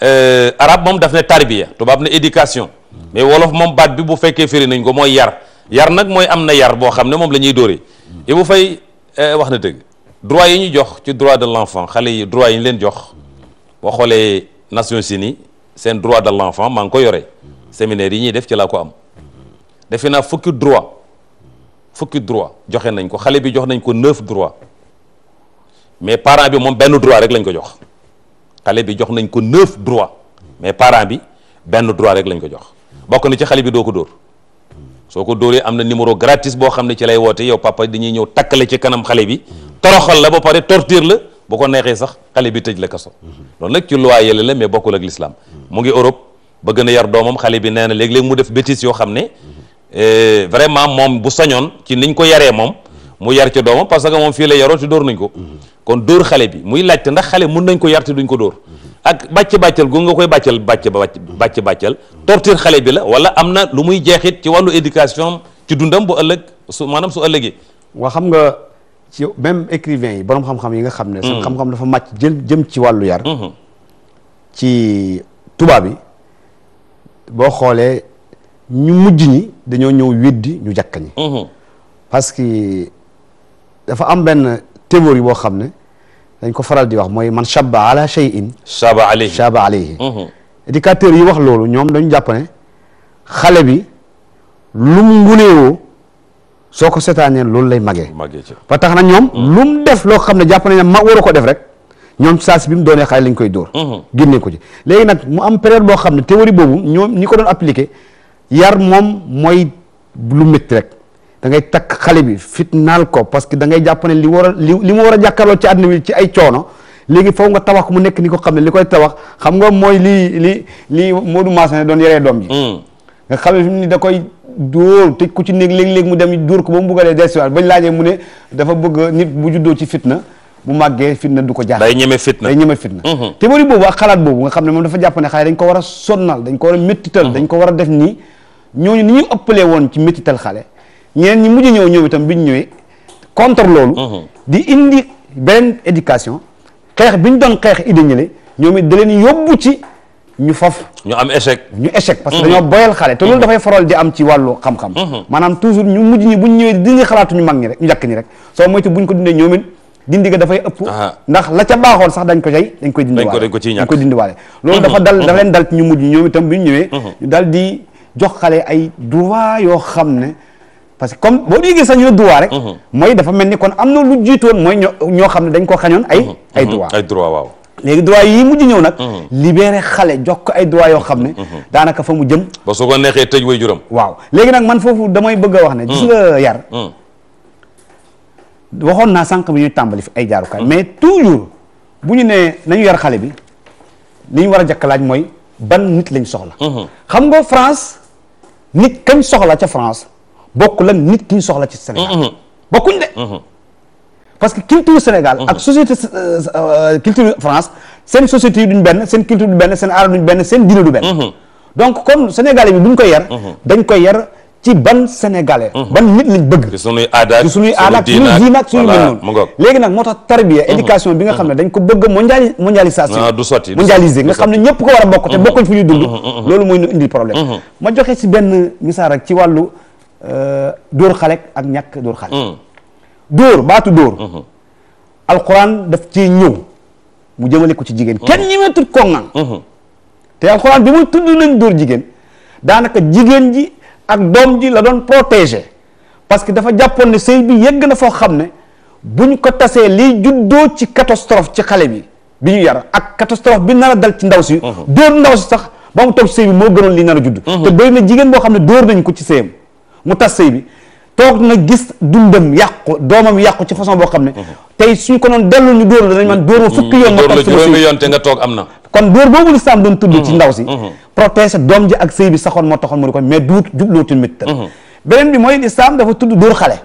euh, arab moom daf ne tarbiya tubaab ne éducation mais wolof moom baat bi bu fekkee firi nañ ko mooy yar yar nag mooy am na yar boo xam ne moom la ñuy dóoree yi bu fay euh, wax na dëgg droit yi ñu jox ci droit de l'enfant xale yi droit yi leen jox boo xoolee Nations Unies seen droit de l'enfant maa ngi ko yore séminaire yi ñuy def ci laa ko am defe naa fukki droit fukki droit joxe nañ ko xale bi jox nañ ko neuf droit mais parent bi moom benn droit rek lañ ko jox xale bi jox nañ ko neuf droit mais parent bi benn droit rek lañ ko jox bokk na ci xale bi doo ko dóor soo ko dóoree am na numéro gratis boo xam ne ci lay woote yow papa dañuy ñëw takkale ci kanam xale bi toroxal la ba pare torture la bu ko neexee sax xale bi tëj la kaso loolu nag ci loi yële la mais bokkul ak lislaam mu ngi Europe bëgg a yar doomam xale bi nee na léegi léeg mu def bêtise yoo xam ne eh, vraiment moom bu sañoon ci niñ ko yaree moom mu yar ca doomam parce que moom fii la yaroo ci dóor nañ ko kon dóor xale bi muy laajte ndax xale mun nañ ko yar te duñ ko dóor ak bàcc bàccal gu nga koy bàccal bàcc bàccal torture xale bi la wala am na lu muy jeexit ci wàllu éducation ci dundam bu ëllëg su maanaam su ëllëgee waa xam nga ci même écrivain yi boroom xam-xam yi nga xam ne seen hmm. xam-xam dafa màcc jëm jëm ci wàllu yar hmm. ci tubaab yi boo xoolee ñu mujj ñi dañoo ñëw weddi ñu jàkk ñi hmm. parce dafa am benn théorie boo xam ne dañ ko faral di wax mooy man shabba ala shay'in shabba alayhi shabba alayhi mhm. éducateurs yi wax loolu ñoom dañu jàpp ne bi lu mu nguneewoo soo ko seetaanee loolu lay magee ba tax na ñoom mhm. lu mu def loo xam ne jàpp nañ ne mag waru ko def rek ñoom saa bi mu doonee xale lañ koy dóor mhm. génne ko ci léegi nag mu am période boo xam ne théorie boobu ñoom ñi ko doon appliqué yar moom mooy lu métti rek da ngay takk xale bi fitnaal ko parce que da ngay jàpp li war a li mu war a jàkkaarloo ci àdduna bi ci ay coono léegi foofu nga tabax mu nekk ni ko xam ne li koy tabax xam nga mooy lii lii lii Modou Massané doon yaree doom ji. Mm. nga xam ne ni da koy dóor tëj ku ci néeg léeg-léeg mu dem dóor ba mu bugg a dee desuwaat bañ laajee mu ne dafa bëgg nit bu juddoo ci fitna. bu màggee fitna du ko jaar day ñeme fitna day ñeme fitna mm-hmm. te bëri boobu ak xalaat boobu nga xam ne moom dafa jàpp ne xale dañ ko war a sonnal dañ ko war a méttital mm-hmm. dañ ko war a def nii ñooñu ni ñu ëppalee woon ci méttital xale ñeneen ñi mujj ñëw ñëw itam bi ñu ñëwee contre loolu. di indi beneen éducation xeex bi ñu doon xeex idée ñële ñoom it da leen yóbbu ci ñu faf. ñu am échec. ñu échec parce que dañoo boyal xale te loolu dafay faral di am ci wàllu xam-xam. maanaam toujours ñu mujj ñi bu ñu ñëwee dindi xalaatu ñu mag ñi rek ñu jàkk ñi rek soo moytu bu ñu ko dindee ñoom it dindi ga dafay ëpp. ndax la ca baaxoon sax dañ ko jay dañ koy dindi waale dañ ko dañ koy dindi waale loolu dafa dal dafa leen dal ci ñu mujj ñoom tam bi ñëwee. ñu dal di jox xale ay droit yoo xam ne parce que comme boo déggee sax ñu ne rek. Mhm. mooy dafa mel ni kon am na lu jiitoon mooy ñoo xam ne dañ ko xañoon ay. Mhm. ay mhm. droit ay droit waaw. léegi droit yi mujj ñëw nag. libéré xale jox ko ay droit yoo xam ne. daanaka fa mu jëm. ba su ko neexee tëj waaw léegi nag man foofu damay bëgg a wax ne. gis waxoon naa sànq bi ñuy tàmbali fi ay jaarukaay. mais toujours bu ñu nee nañu yar xale bi li war a njëkk laaj mooy ban nit lañ soxla. xam nga France nit kañ soxla ca France. bokk lan nit ki ñu soxla ci Sénégal mm-hmm. bokkuñ de mm-hmm. parce que culture Sénégal ak mm-hmm. société euh, euh, culture France seen société yi duñ benn seen culture duñ benn seen aada duñ benn seen diine du benn donc comme sénégalais bi buñ koy yar dañ koy yar ci ban sénégalais ban nit lañ bëgg suñuy aada aada ak suñuy diine ak suñu mel noonu léegi nag moo tax tarbiya éducation bi nga xam ne dañ ko bëgg mondiali mondialisation du sotti mondialiser nga xam ne ñëpp ko war a bokk te bokkuñ fu ñuy dund loolu mooy ci wàllu Euh, dóor xale ak ñàkk dóor xale. Hmm. dóor baatu dóor. Hmm. Hmm. alxuraan def cee ñëw mu jëmale ko ci jigéen. kenn ñi may tudd koŋŋan. te alxuraan bi muy tudd nañ dóor jigéen daanaka jigéen ji ak doom ji la doon protégé parce que dafa jàppoon ne sëy bi yegg na foo xam ne bu ñu ko tasee liy juddoo ci catastrophe ci xale bi bi ñu yar ak catastrophe bi nar a dal ci ndaw si. dóor ndaw si sax ba mu toog sëy bi moo gënoon li nar a judd. te bëri jigéen boo xam ne dóor nañ ko ci sëyam. mu tas sëy bi toog na gis dundam yàqu doomam yàqu ci façon boo xam ne mhm. tey suñ ko noon dellu ñu dóor la danañ man dóor ma fukki mhm. yoon nga tas juróomi yoon te nga toog am na kon dóor boobu lislaam doon tudd ci mhm. ndaw si protéger doom ji ak sëy bi saxoon moo taxoon mu di ko mais duut jubluutul méttal beneen bi mooy lislaam dafa tudd dóor xale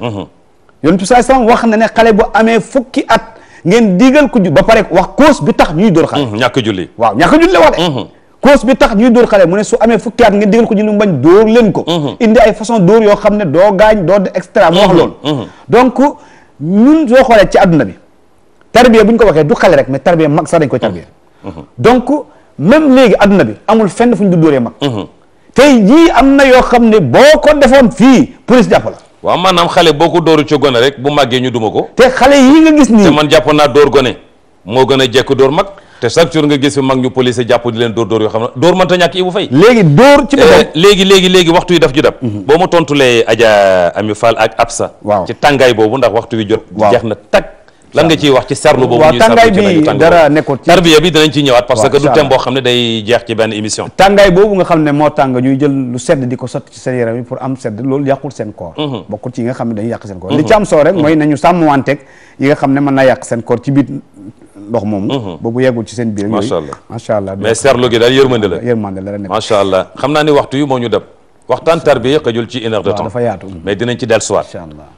yonent bi saa sallam wax na ne xale bu amee fukki at ngeen digal ko ba pare wax cause bi tax ñuy dóor xale ñàkk julli waaw ñàkk julli la wax de cause bi tax ñuy dóor xale mu ne su amee fukki at ngeen digal ko ñu nu bañ dóor leen ko mhm. indi ay façon dóor yoo xam ne doo gaañ doo de extra mu wax mhm. loolu mhm. donc ñun soo xoolee ci adduna bi tarbiya bu ñu ko waxee du xale rek mais tarbiya mag sax dañ koy tarbiya donc même léegi adduna bi amul fenn fu ñu du dóoree mag te jii am na yoo xam ne boo ko defoon fii police jàpp la waaw maanaam xale boo ko dóoru ci gone rek bu maggee ñu duma ko te xale yii nga gis nii te man naa dóor gone moo gën a jekk dóor mag te chaque jour nga gis fi mag ñu police jàpp di leen dóor dóor yoo xam ne dóor mënta ñàkk Ibou Faye léegi dóor ci boppam eh, léegi léegi léegi waxtu yi daf ju dab mhm. boo ma tontulee Adja Ami Fall ak Absa waaw ci tàngaay boobu ndax waxtu wi jot jeex na tag lan nga ciy wax ci serlu boobu waaw tàngaay bi dara nekkul ci tarbiya bi dinañ ci ñëwaat parce que du thème boo xam ne day jeex ci benn émission tàngaay boobu nga xam ne moo tàng yi am sedd loolu yàqul seen koor mhm. bokkul ci yi nga xam ne dañuy yàq mhm. mhm. naa yàq seen koor ci biir ndox moomu boobu yeggul ci seen biir yooyu macha allah allah mais serlu gi daal yërmande la yërmande la rek macha allah xam naa ni waxtu yu moo ñu dab waxtaan tarbiya xëjul ci une heure de temps dafa mais dinañ ci dellusiwaat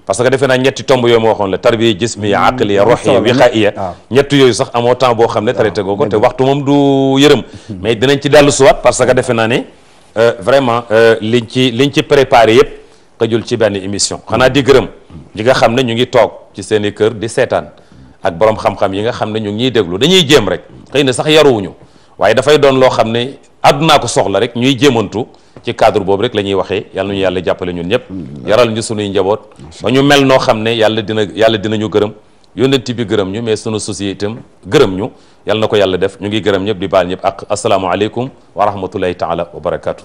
parce que defe naa ñetti tomb yooyu ma waxoon la tarbiya jismiya hmm. aqliya ruhiya wiqaiya ñett yooyu sax amoo temps boo xam ne traité goo ko te waxtu moom du yërëm hmm. mais dinañ ci dellusiwaat parce que defe naa ne euh, vraiment euh, liñ ci liñ ci préparé yëpp xëjul ci benn émission xanaa di gërëm ñi nga xam ne ñu ngi toog ci seen i kër di seetaan ak boroom xam-xam yi nga xam ne ñu ngi ñuy déglu dañuy jéem rek xëy na sax yaruwuñu àddunaa ko soxla rek ñuy jéemantu ci cadre boobu rek la ñuy waxee yàlla ñu yàlla jàppale ñun ñëpp yaral ñu sunuy njaboot ba ñu mel noo xam ne yàlla dina yàlla dinañu gërëm yónnent bi gërëm ñu mais sunu société am gërëm ñu yàlla na ko yàlla def ñu ngi gërëm ñëpp di baal ñëpp ak asalaamualeykum wa rahmatullahi taala wa barakaatu.